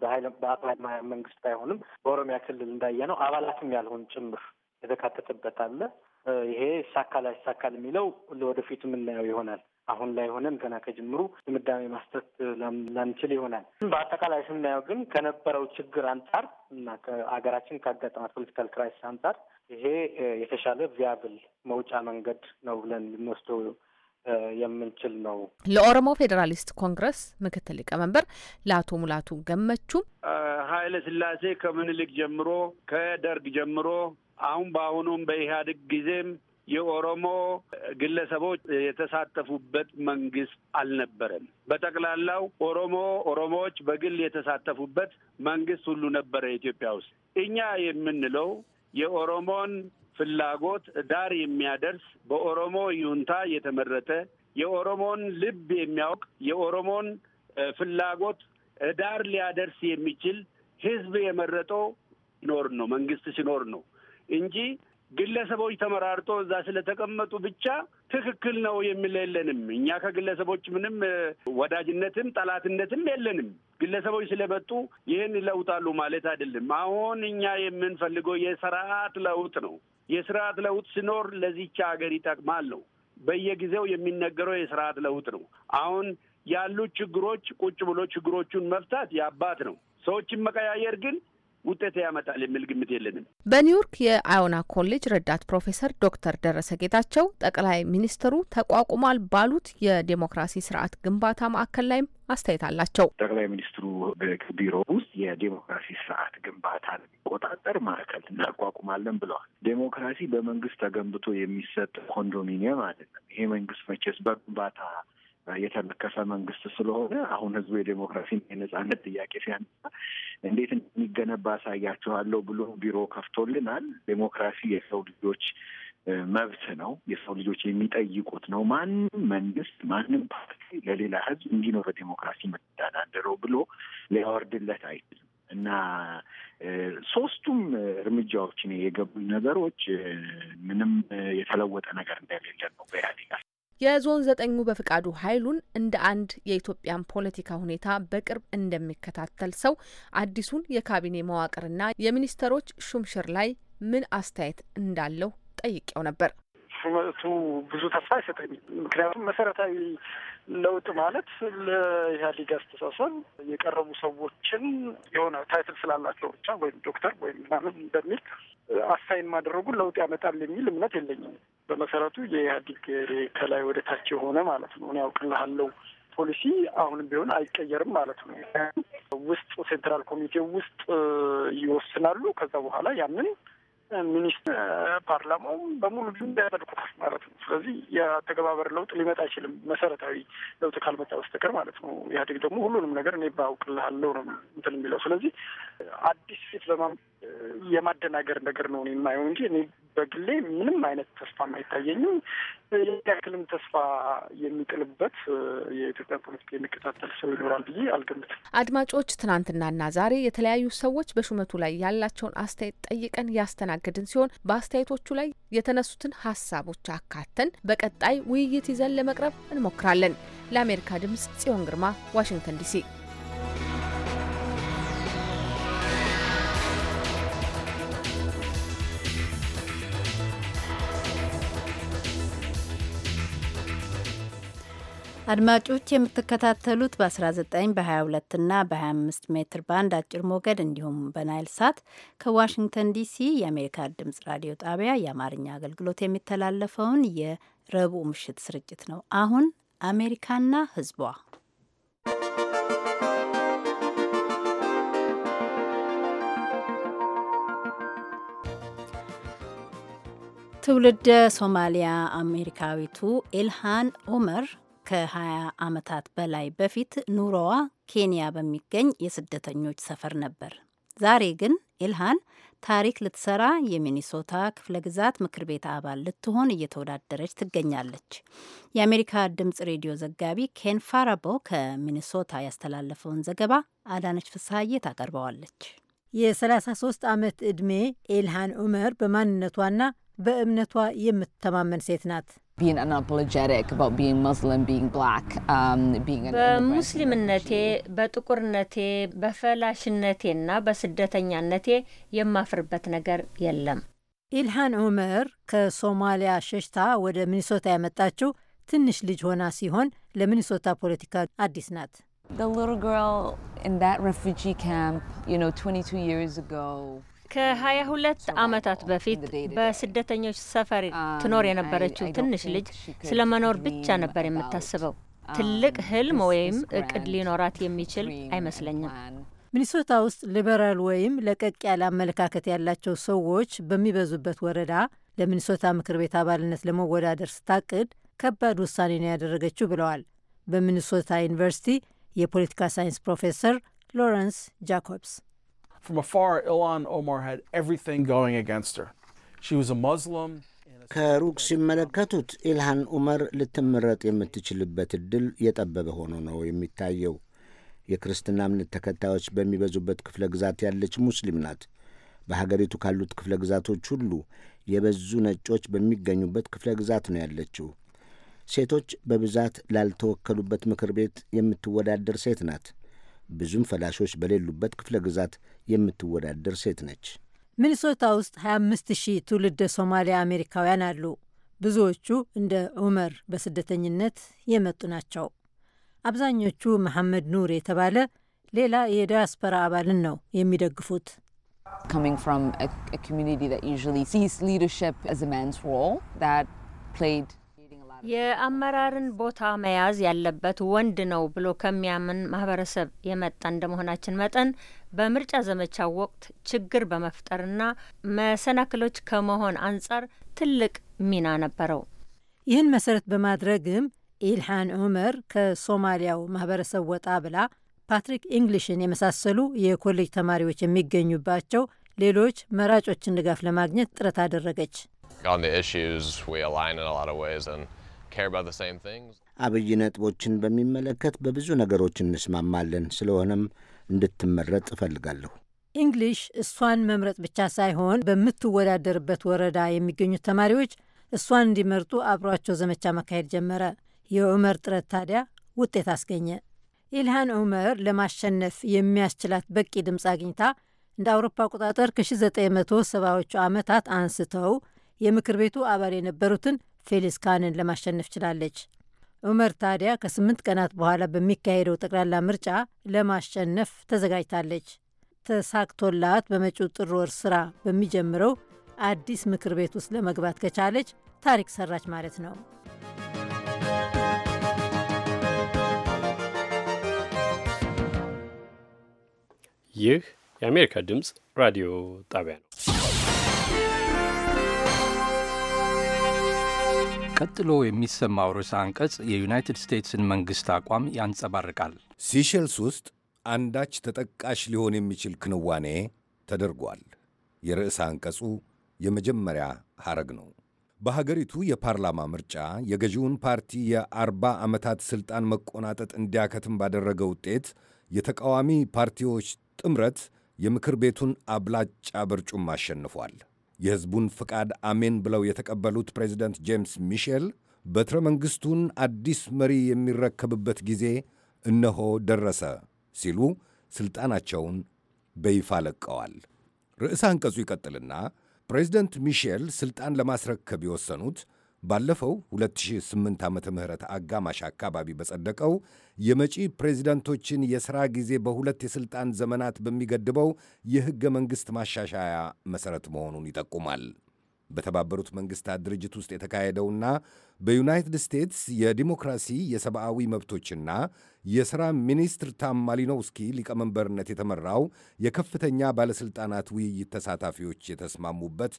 በአባል መንግስት ባይሆንም በኦሮሚያ ክልል እንዳየ ነው አባላትም ያልሆን ጭምር የተካተተበት አለ። ይሄ ይሳካል አይሳካል የሚለው ለወደፊት የምናየው ይሆናል። አሁን ላይ ሆነን ገና ከጅምሩ ድምዳሜ ማስተት ላንችል ይሆናል። በአጠቃላይ ስናየው ግን ከነበረው ችግር አንጻር እና ከሀገራችን ካጋጠማት ፖለቲካል ክራይስ አንጻር ይሄ የተሻለ ቪያብል መውጫ መንገድ ነው ብለን ልንወስደው የምንችል ነው። ለኦሮሞ ፌዴራሊስት ኮንግረስ ምክትል ሊቀመንበር ለአቶ ሙላቱ ገመቹ ኃይለ ስላሴ ከምኒልክ ጀምሮ ከደርግ ጀምሮ አሁን በአሁኑም በኢህአዴግ ጊዜም የኦሮሞ ግለሰቦች የተሳተፉበት መንግስት አልነበረም። በጠቅላላው ኦሮሞ ኦሮሞዎች በግል የተሳተፉበት መንግስት ሁሉ ነበረ ኢትዮጵያ ውስጥ። እኛ የምንለው የኦሮሞን ፍላጎት ዳር የሚያደርስ በኦሮሞ ይሁንታ የተመረጠ የኦሮሞን ልብ የሚያውቅ የኦሮሞን ፍላጎት ዳር ሊያደርስ የሚችል ህዝብ የመረጠው ሲኖር ነው መንግስት ሲኖር ነው እንጂ ግለሰቦች ተመራርጦ እዛ ስለተቀመጡ ብቻ ትክክል ነው የሚል የለንም። እኛ ከግለሰቦች ምንም ወዳጅነትም ጠላትነትም የለንም። ግለሰቦች ስለመጡ ይህን ይለውጣሉ ማለት አይደለም። አሁን እኛ የምንፈልገው የስርዓት ለውጥ ነው። የስርዓት ለውጥ ሲኖር ለዚች ሀገር ይጠቅማል ነው። በየጊዜው የሚነገረው የስርዓት ለውጥ ነው። አሁን ያሉት ችግሮች ቁጭ ብሎ ችግሮቹን መፍታት ያባት ነው። ሰዎችን መቀያየር ግን ውጤት ያመጣል የሚል ግምት የለንም። በኒውዮርክ የአዮና ኮሌጅ ረዳት ፕሮፌሰር ዶክተር ደረሰ ጌታቸው ጠቅላይ ሚኒስትሩ ተቋቁሟል ባሉት የዴሞክራሲ ስርዓት ግንባታ ማዕከል ላይም አስተያየት አላቸው። ጠቅላይ ሚኒስትሩ ቢሮ ውስጥ የዴሞክራሲ ስርዓት ግንባታን የሚቆጣጠር ማዕከል እናቋቁማለን ብለዋል። ዴሞክራሲ በመንግስት ተገንብቶ የሚሰጥ ኮንዶሚኒየም አይደለም። ይሄ መንግስት መቼስ በግንባታ የተለከፈ መንግስት ስለሆነ አሁን ህዝቡ የዴሞክራሲና የነጻነት ጥያቄ ሲያነሳ እንዴት እንደሚገነባ አሳያችኋለሁ ብሎ ቢሮ ከፍቶልናል። ዴሞክራሲ የሰው ልጆች መብት ነው። የሰው ልጆች የሚጠይቁት ነው። ማንም መንግስት፣ ማንም ፓርቲ ለሌላ ህዝብ እንዲኖር ዴሞክራሲ በዴሞክራሲ ብሎ ሊያወርድለት አይችልም እና ሶስቱም እርምጃዎች የገቡ ነገሮች ምንም የተለወጠ ነገር እንደሌለን ነው በኢህአዴግ የዞን ዘጠኙ በፍቃዱ ኃይሉን እንደ አንድ የኢትዮጵያን ፖለቲካ ሁኔታ በቅርብ እንደሚከታተል ሰው አዲሱን የካቢኔ መዋቅርና የሚኒስተሮች ሹምሽር ላይ ምን አስተያየት እንዳለው ጠይቄው ነበር። ሹመቱ ብዙ ተስፋ አይሰጠኝም። ምክንያቱም መሰረታዊ ለውጥ ማለት ለኢህአዴግ አስተሳሰብ የቀረቡ ሰዎችን የሆነ ታይትል ስላላቸው ብቻ ወይም ዶክተር ወይም ምናምን በሚል አሳይን ማድረጉን ለውጥ ያመጣል የሚል እምነት የለኝም። በመሰረቱ የኢህአዴግ ከላይ ወደ ታች የሆነ ማለት ነው እኔ ያውቅልሃለው ፖሊሲ አሁንም ቢሆን አይቀየርም ማለት ነው። ውስጥ ሴንትራል ኮሚቴ ውስጥ ይወስናሉ። ከዛ በኋላ ያንን ሚኒስትር ፓርላማው በሙሉ ያጸድቁታል ማለት ነው። ስለዚህ የአተገባበር ለውጥ ሊመጣ አይችልም፣ መሰረታዊ ለውጥ ካልመጣ በስተቀር ማለት ነው። ኢህአዴግ ደግሞ ሁሉንም ነገር እኔ ባውቅልሃለሁ ነው እንትን የሚለው። ስለዚህ አዲስ ፊት በማ የማደናገር ነገር ነው የማየው እንጂ እኔ በግሌ ምንም አይነት ተስፋ አይታየኝም። ያክልም ተስፋ የሚጥልበት የኢትዮጵያ ፖለቲካ የሚከታተል ሰው ይኖራል ብዬ አልገምትም። አድማጮች፣ ትናንትናና ዛሬ የተለያዩ ሰዎች በሹመቱ ላይ ያላቸውን አስተያየት ጠይቀን ያስተናል ያስተናገድን ሲሆን በአስተያየቶቹ ላይ የተነሱትን ሀሳቦች አካተን በቀጣይ ውይይት ይዘን ለመቅረብ እንሞክራለን። ለአሜሪካ ድምጽ ጽዮን ግርማ ዋሽንግተን ዲሲ አድማጮች የምትከታተሉት በ19 በ22 እና በ25 ሜትር ባንድ አጭር ሞገድ እንዲሁም በናይል ሳት ከዋሽንግተን ዲሲ የአሜሪካ ድምጽ ራዲዮ ጣቢያ የአማርኛ አገልግሎት የሚተላለፈውን የረቡዕ ምሽት ስርጭት ነው። አሁን አሜሪካና ህዝቧ ትውልደ ሶማሊያ አሜሪካዊቱ ኢልሃን ኦመር ከ20 ዓመታት በላይ በፊት ኑሮዋ ኬንያ በሚገኝ የስደተኞች ሰፈር ነበር። ዛሬ ግን ኢልሃን ታሪክ ልትሰራ የሚኒሶታ ክፍለ ግዛት ምክር ቤት አባል ልትሆን እየተወዳደረች ትገኛለች። የአሜሪካ ድምጽ ሬዲዮ ዘጋቢ ኬን ፋራቦ ከሚኒሶታ ያስተላለፈውን ዘገባ አዳነች ፍስሀዬ ታቀርበዋለች። የ33 ዓመት ዕድሜ ኤልሃን ዑመር በማንነቷና በእምነቷ የምትተማመን ሴት ናት። um, በሙስሊምነቴ፣ በጥቁርነቴ፣ በፈላሽነቴና በስደተኛነቴ የማፍርበት ነገር የለም። ኢልሃን ዑመር ከሶማሊያ ሸሽታ ወደ ሚኒሶታ ያመጣችው ትንሽ ልጅ ሆና ሲሆን ለሚኒሶታ ፖለቲካ አዲስ ናት። The little girl in that refugee camp, you know, 22 years ago. ከሀያ ሁለት አመታት በፊት በስደተኞች ሰፈር ትኖር የነበረችው ትንሽ ልጅ ስለ መኖር ብቻ ነበር የምታስበው። ትልቅ ህልም ወይም እቅድ ሊኖራት የሚችል አይመስለኝም። ሚኒሶታ ውስጥ ሊበራል ወይም ለቀቅ ያለ አመለካከት ያላቸው ሰዎች በሚበዙበት ወረዳ ለሚኒሶታ ምክር ቤት አባልነት ለመወዳደር ስታቅድ ከባድ ውሳኔ ነው ያደረገችው ብለዋል በሚኒሶታ ዩኒቨርሲቲ የፖለቲካ ሳይንስ ፕሮፌሰር ሎረንስ ጃኮብስ። From afar, Ilan Omar had everything going against her. She was a Muslim. ከሩቅ ሲመለከቱት ኢልሃን ዑመር ልትመረጥ የምትችልበት ዕድል የጠበበ ሆኖ ነው የሚታየው። የክርስትና እምነት ተከታዮች በሚበዙበት ክፍለ ግዛት ያለች ሙስሊም ናት። በሀገሪቱ ካሉት ክፍለ ግዛቶች ሁሉ የበዙ ነጮች በሚገኙበት ክፍለ ግዛት ነው ያለችው። ሴቶች በብዛት ላልተወከሉበት ምክር ቤት የምትወዳደር ሴት ናት። ብዙም ፈላሾች በሌሉበት ክፍለ ግዛት የምትወዳደር ሴት ነች። ሚኒሶታ ውስጥ 25 ሺህ ትውልደ ሶማሊያ አሜሪካውያን አሉ። ብዙዎቹ እንደ ዑመር በስደተኝነት የመጡ ናቸው። አብዛኞቹ መሐመድ ኑር የተባለ ሌላ የዲያስፖራ አባልን ነው የሚደግፉት። የአመራርን ቦታ መያዝ ያለበት ወንድ ነው ብሎ ከሚያምን ማህበረሰብ የመጣ እንደመሆናችን መጠን በምርጫ ዘመቻው ወቅት ችግር በመፍጠርና መሰናክሎች ከመሆን አንጻር ትልቅ ሚና ነበረው። ይህን መሰረት በማድረግም ኢልሃን ዑመር ከሶማሊያው ማህበረሰብ ወጣ ብላ ፓትሪክ ኢንግሊሽን የመሳሰሉ የኮሌጅ ተማሪዎች የሚገኙባቸው ሌሎች መራጮችን ድጋፍ ለማግኘት ጥረት አደረገች። አብይ ነጥቦችን በሚመለከት በብዙ ነገሮች እንስማማለን። ስለሆነም እንድትመረጥ እፈልጋለሁ። ኢንግሊሽ እሷን መምረጥ ብቻ ሳይሆን በምትወዳደርበት ወረዳ የሚገኙት ተማሪዎች እሷን እንዲመርጡ አብሯቸው ዘመቻ መካሄድ ጀመረ። የዑመር ጥረት ታዲያ ውጤት አስገኘ። ኢልሃን ዑመር ለማሸነፍ የሚያስችላት በቂ ድምፅ አግኝታ እንደ አውሮፓ አቆጣጠር ከ1970ዎቹ ዓመታት አንስተው የምክር ቤቱ አባል የነበሩትን ፌሊስ ካንን ለማሸነፍ ችላለች። ዑመር ታዲያ ከስምንት ቀናት በኋላ በሚካሄደው ጠቅላላ ምርጫ ለማሸነፍ ተዘጋጅታለች። ተሳክቶላት በመጪው ጥር ወር ስራ በሚጀምረው አዲስ ምክር ቤት ውስጥ ለመግባት ከቻለች ታሪክ ሰራች ማለት ነው። ይህ የአሜሪካ ድምፅ ራዲዮ ጣቢያ ነው። ቀጥሎ የሚሰማው ርዕሰ አንቀጽ የዩናይትድ ስቴትስን መንግሥት አቋም ያንጸባርቃል። ሲሸልስ ውስጥ አንዳች ተጠቃሽ ሊሆን የሚችል ክንዋኔ ተደርጓል። የርዕሰ አንቀጹ የመጀመሪያ ሐረግ ነው። በሀገሪቱ የፓርላማ ምርጫ የገዢውን ፓርቲ የአርባ ዓመታት ሥልጣን መቆናጠጥ እንዲያከትም ባደረገ ውጤት የተቃዋሚ ፓርቲዎች ጥምረት የምክር ቤቱን አብላጫ በርጩም አሸንፏል። የሕዝቡን ፍቃድ አሜን ብለው የተቀበሉት ፕሬዚደንት ጄምስ ሚሼል በትረ መንግሥቱን አዲስ መሪ የሚረከብበት ጊዜ እነሆ ደረሰ ሲሉ ሥልጣናቸውን በይፋ ለቀዋል። ርዕሰ አንቀጹ ይቀጥልና ፕሬዚደንት ሚሼል ሥልጣን ለማስረከብ የወሰኑት ባለፈው 2008 ዓ ምህረት አጋማሽ አካባቢ በጸደቀው የመጪ ፕሬዚዳንቶችን የሥራ ጊዜ በሁለት የሥልጣን ዘመናት በሚገድበው የሕገ መንግሥት ማሻሻያ መሠረት መሆኑን ይጠቁማል። በተባበሩት መንግሥታት ድርጅት ውስጥ የተካሄደውና በዩናይትድ ስቴትስ የዲሞክራሲ የሰብአዊ መብቶችና የሥራ ሚኒስትር ታም ማሊኖውስኪ ሊቀመንበርነት የተመራው የከፍተኛ ባለሥልጣናት ውይይት ተሳታፊዎች የተስማሙበት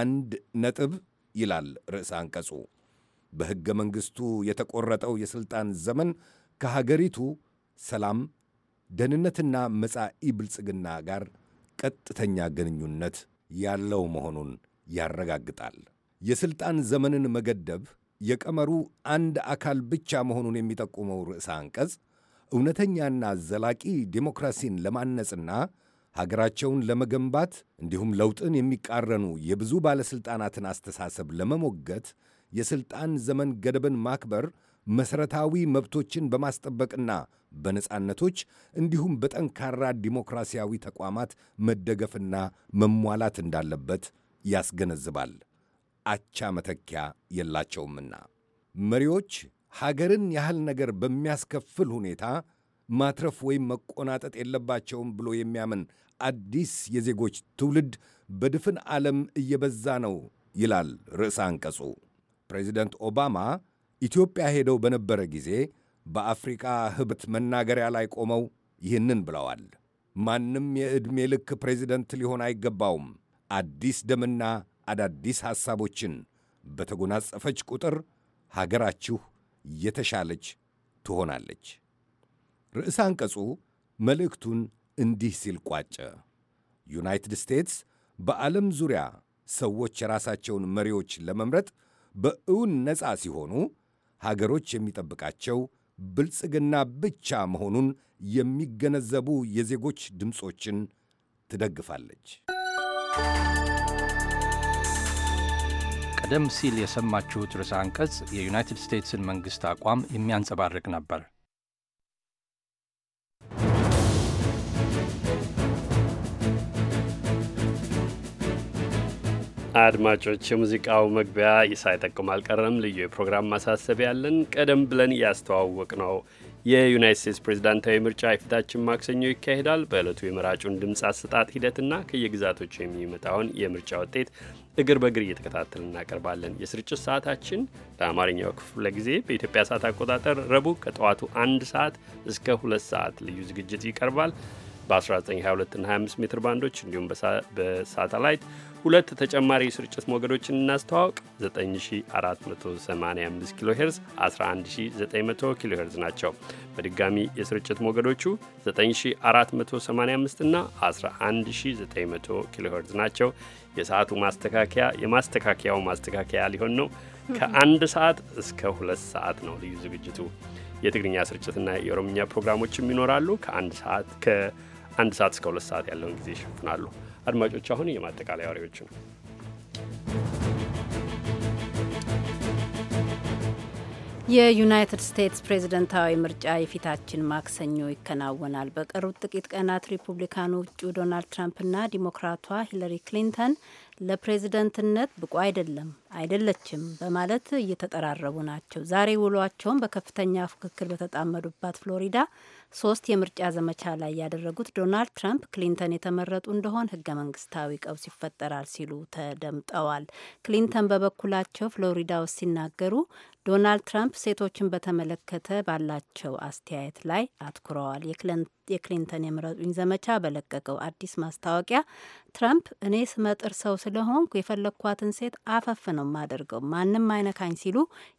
አንድ ነጥብ ይላል ርዕሰ አንቀጹ። በሕገ መንግሥቱ የተቆረጠው የሥልጣን ዘመን ከሀገሪቱ ሰላም፣ ደህንነትና መጻኢ ብልጽግና ጋር ቀጥተኛ ግንኙነት ያለው መሆኑን ያረጋግጣል። የሥልጣን ዘመንን መገደብ የቀመሩ አንድ አካል ብቻ መሆኑን የሚጠቁመው ርዕሰ አንቀጽ እውነተኛና ዘላቂ ዴሞክራሲን ለማነጽና ሀገራቸውን ለመገንባት እንዲሁም ለውጥን የሚቃረኑ የብዙ ባለሥልጣናትን አስተሳሰብ ለመሞገት የሥልጣን ዘመን ገደብን ማክበር መሠረታዊ መብቶችን በማስጠበቅና በነጻነቶች እንዲሁም በጠንካራ ዲሞክራሲያዊ ተቋማት መደገፍና መሟላት እንዳለበት ያስገነዝባል። አቻ መተኪያ የላቸውምና መሪዎች ሀገርን ያህል ነገር በሚያስከፍል ሁኔታ ማትረፍ ወይም መቆናጠጥ የለባቸውም ብሎ የሚያምን አዲስ የዜጎች ትውልድ በድፍን ዓለም እየበዛ ነው ይላል ርዕሰ አንቀጹ። ፕሬዚደንት ኦባማ ኢትዮጵያ ሄደው በነበረ ጊዜ በአፍሪቃ ህብት መናገሪያ ላይ ቆመው ይህንን ብለዋል። ማንም የዕድሜ ልክ ፕሬዚደንት ሊሆን አይገባውም። አዲስ ደምና አዳዲስ ሐሳቦችን በተጎናጸፈች ቁጥር ሀገራችሁ የተሻለች ትሆናለች። ርዕሰ አንቀጹ መልእክቱን እንዲህ ሲል ቋጨ። ዩናይትድ ስቴትስ በዓለም ዙሪያ ሰዎች የራሳቸውን መሪዎች ለመምረጥ በእውን ነፃ ሲሆኑ ሀገሮች የሚጠብቃቸው ብልጽግና ብቻ መሆኑን የሚገነዘቡ የዜጎች ድምፆችን ትደግፋለች። ቀደም ሲል የሰማችሁት ርዕሰ አንቀጽ የዩናይትድ ስቴትስን መንግሥት አቋም የሚያንጸባርቅ ነበር። አድማጮች የሙዚቃው መግቢያ ሳይጠቅም አልቀረም። ልዩ የፕሮግራም ማሳሰቢያ ያለን ቀደም ብለን እያስተዋወቅ ነው። የዩናይት ስቴትስ ፕሬዚዳንታዊ ምርጫ የፊታችን ማክሰኞ ይካሄዳል። በዕለቱ የመራጩን ድምፅ አሰጣጥ ሂደትና ከየግዛቶቹ የሚመጣውን የምርጫ ውጤት እግር በእግር እየተከታተል እናቀርባለን። የስርጭት ሰዓታችን ለአማርኛው ክፍለ ጊዜ በኢትዮጵያ ሰዓት አቆጣጠር ረቡዕ ከጠዋቱ አንድ ሰዓት እስከ ሁለት ሰዓት ልዩ ዝግጅት ይቀርባል በ1922 እና 25 ሜትር ባንዶች እንዲሁም በሳተላይት ሁለት ተጨማሪ የስርጭት ሞገዶችን እናስተዋውቅ። 9485 ኪሎ ሄርዝ፣ 11900 ኪሎ ሄርዝ ናቸው። በድጋሚ የስርጭት ሞገዶቹ 9485 እና 11900 ኪሎ ሄርዝ ናቸው። የሰዓቱ ማስተካከያ የማስተካከያው ማስተካከያ ሊሆን ነው። ከአንድ ሰዓት እስከ ሁለት ሰዓት ነው ልዩ ዝግጅቱ። የትግርኛ ስርጭትና የኦሮምኛ ፕሮግራሞችም ይኖራሉ። ከአንድ ሰዓት ከአንድ ሰዓት እስከ ሁለት ሰዓት ያለውን ጊዜ ይሸፍናሉ። አድማጮች አሁን የማጠቃለያ ወሬዎች ነው። የዩናይትድ ስቴትስ ፕሬዝደንታዊ ምርጫ የፊታችን ማክሰኞ ይከናወናል። በቀሩት ጥቂት ቀናት ሪፑብሊካኑ እጩ ዶናልድ ትራምፕና ዲሞክራቷ ሂለሪ ክሊንተን ለፕሬዝደንትነት ብቁ አይደለም አይደለችም በማለት እየተጠራረቡ ናቸው። ዛሬ ውሏቸውን በከፍተኛ ፉክክር በተጣመዱባት ፍሎሪዳ ሶስት የምርጫ ዘመቻ ላይ ያደረጉት ዶናልድ ትራምፕ ክሊንተን የተመረጡ እንደሆን ህገ መንግስታዊ ቀውስ ይፈጠራል ሲሉ ተደምጠዋል። ክሊንተን በበኩላቸው ፍሎሪዳ ውስጥ ሲናገሩ ዶናልድ ትራምፕ ሴቶችን በተመለከተ ባላቸው አስተያየት ላይ አትኩረዋል። የክሊንተን የምረጡኝ ዘመቻ በለቀቀው አዲስ ማስታወቂያ ትራምፕ እኔ ስመጥር ሰው ስለሆንኩ የፈለግኳትን ሴት አፈፍ ነው ማደርገው፣ ማንም አይነካኝ ሲሉ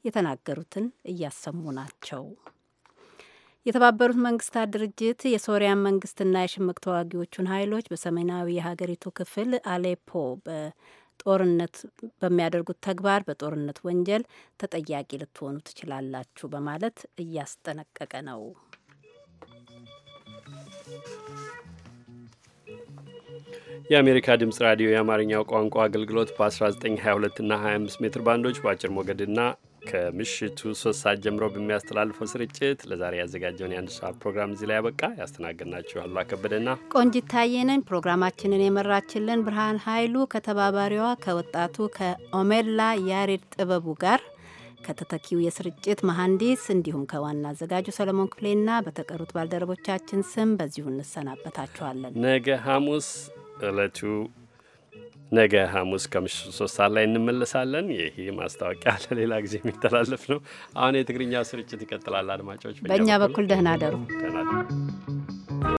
የተናገሩትን እያሰሙ ናቸው። የተባበሩት መንግስታት ድርጅት የሶሪያን መንግስትና የሽምቅ ተዋጊዎቹን ኃይሎች በሰሜናዊ የሀገሪቱ ክፍል አሌፖ ጦርነት በሚያደርጉት ተግባር በጦርነት ወንጀል ተጠያቂ ልትሆኑ ትችላላችሁ በማለት እያስጠነቀቀ ነው። የአሜሪካ ድምጽ ራዲዮ የአማርኛው ቋንቋ አገልግሎት በ1922 እና 25 ሜትር ባንዶች በአጭር ሞገድና ከምሽቱ ሶስት ሰዓት ጀምሮ በሚያስተላልፈው ስርጭት ለዛሬ ያዘጋጀውን የአንድ ሰዓት ፕሮግራም እዚህ ላይ ያበቃ። ያስተናገድናችሁ አሉ አከበደና ቆንጂት ታየነን፣ ፕሮግራማችንን የመራችልን ብርሃን ኃይሉ ከተባባሪዋ ከወጣቱ ከኦሜላ ያሬድ ጥበቡ ጋር ከተተኪው የስርጭት መሐንዲስ እንዲሁም ከዋና አዘጋጁ ሰለሞን ክፍሌና በተቀሩት ባልደረቦቻችን ስም በዚሁ እንሰናበታችኋለን። ነገ ሐሙስ እለቱ ነገ ሐሙስ ከምሽቱ ሶስት ሰዓት ላይ እንመለሳለን። ይህ ማስታወቂያ ለሌላ ጊዜ የሚተላለፍ ነው። አሁን የትግርኛ ስርጭት ይቀጥላል። አድማጮች በእኛ በኩል ደህና ደሩ።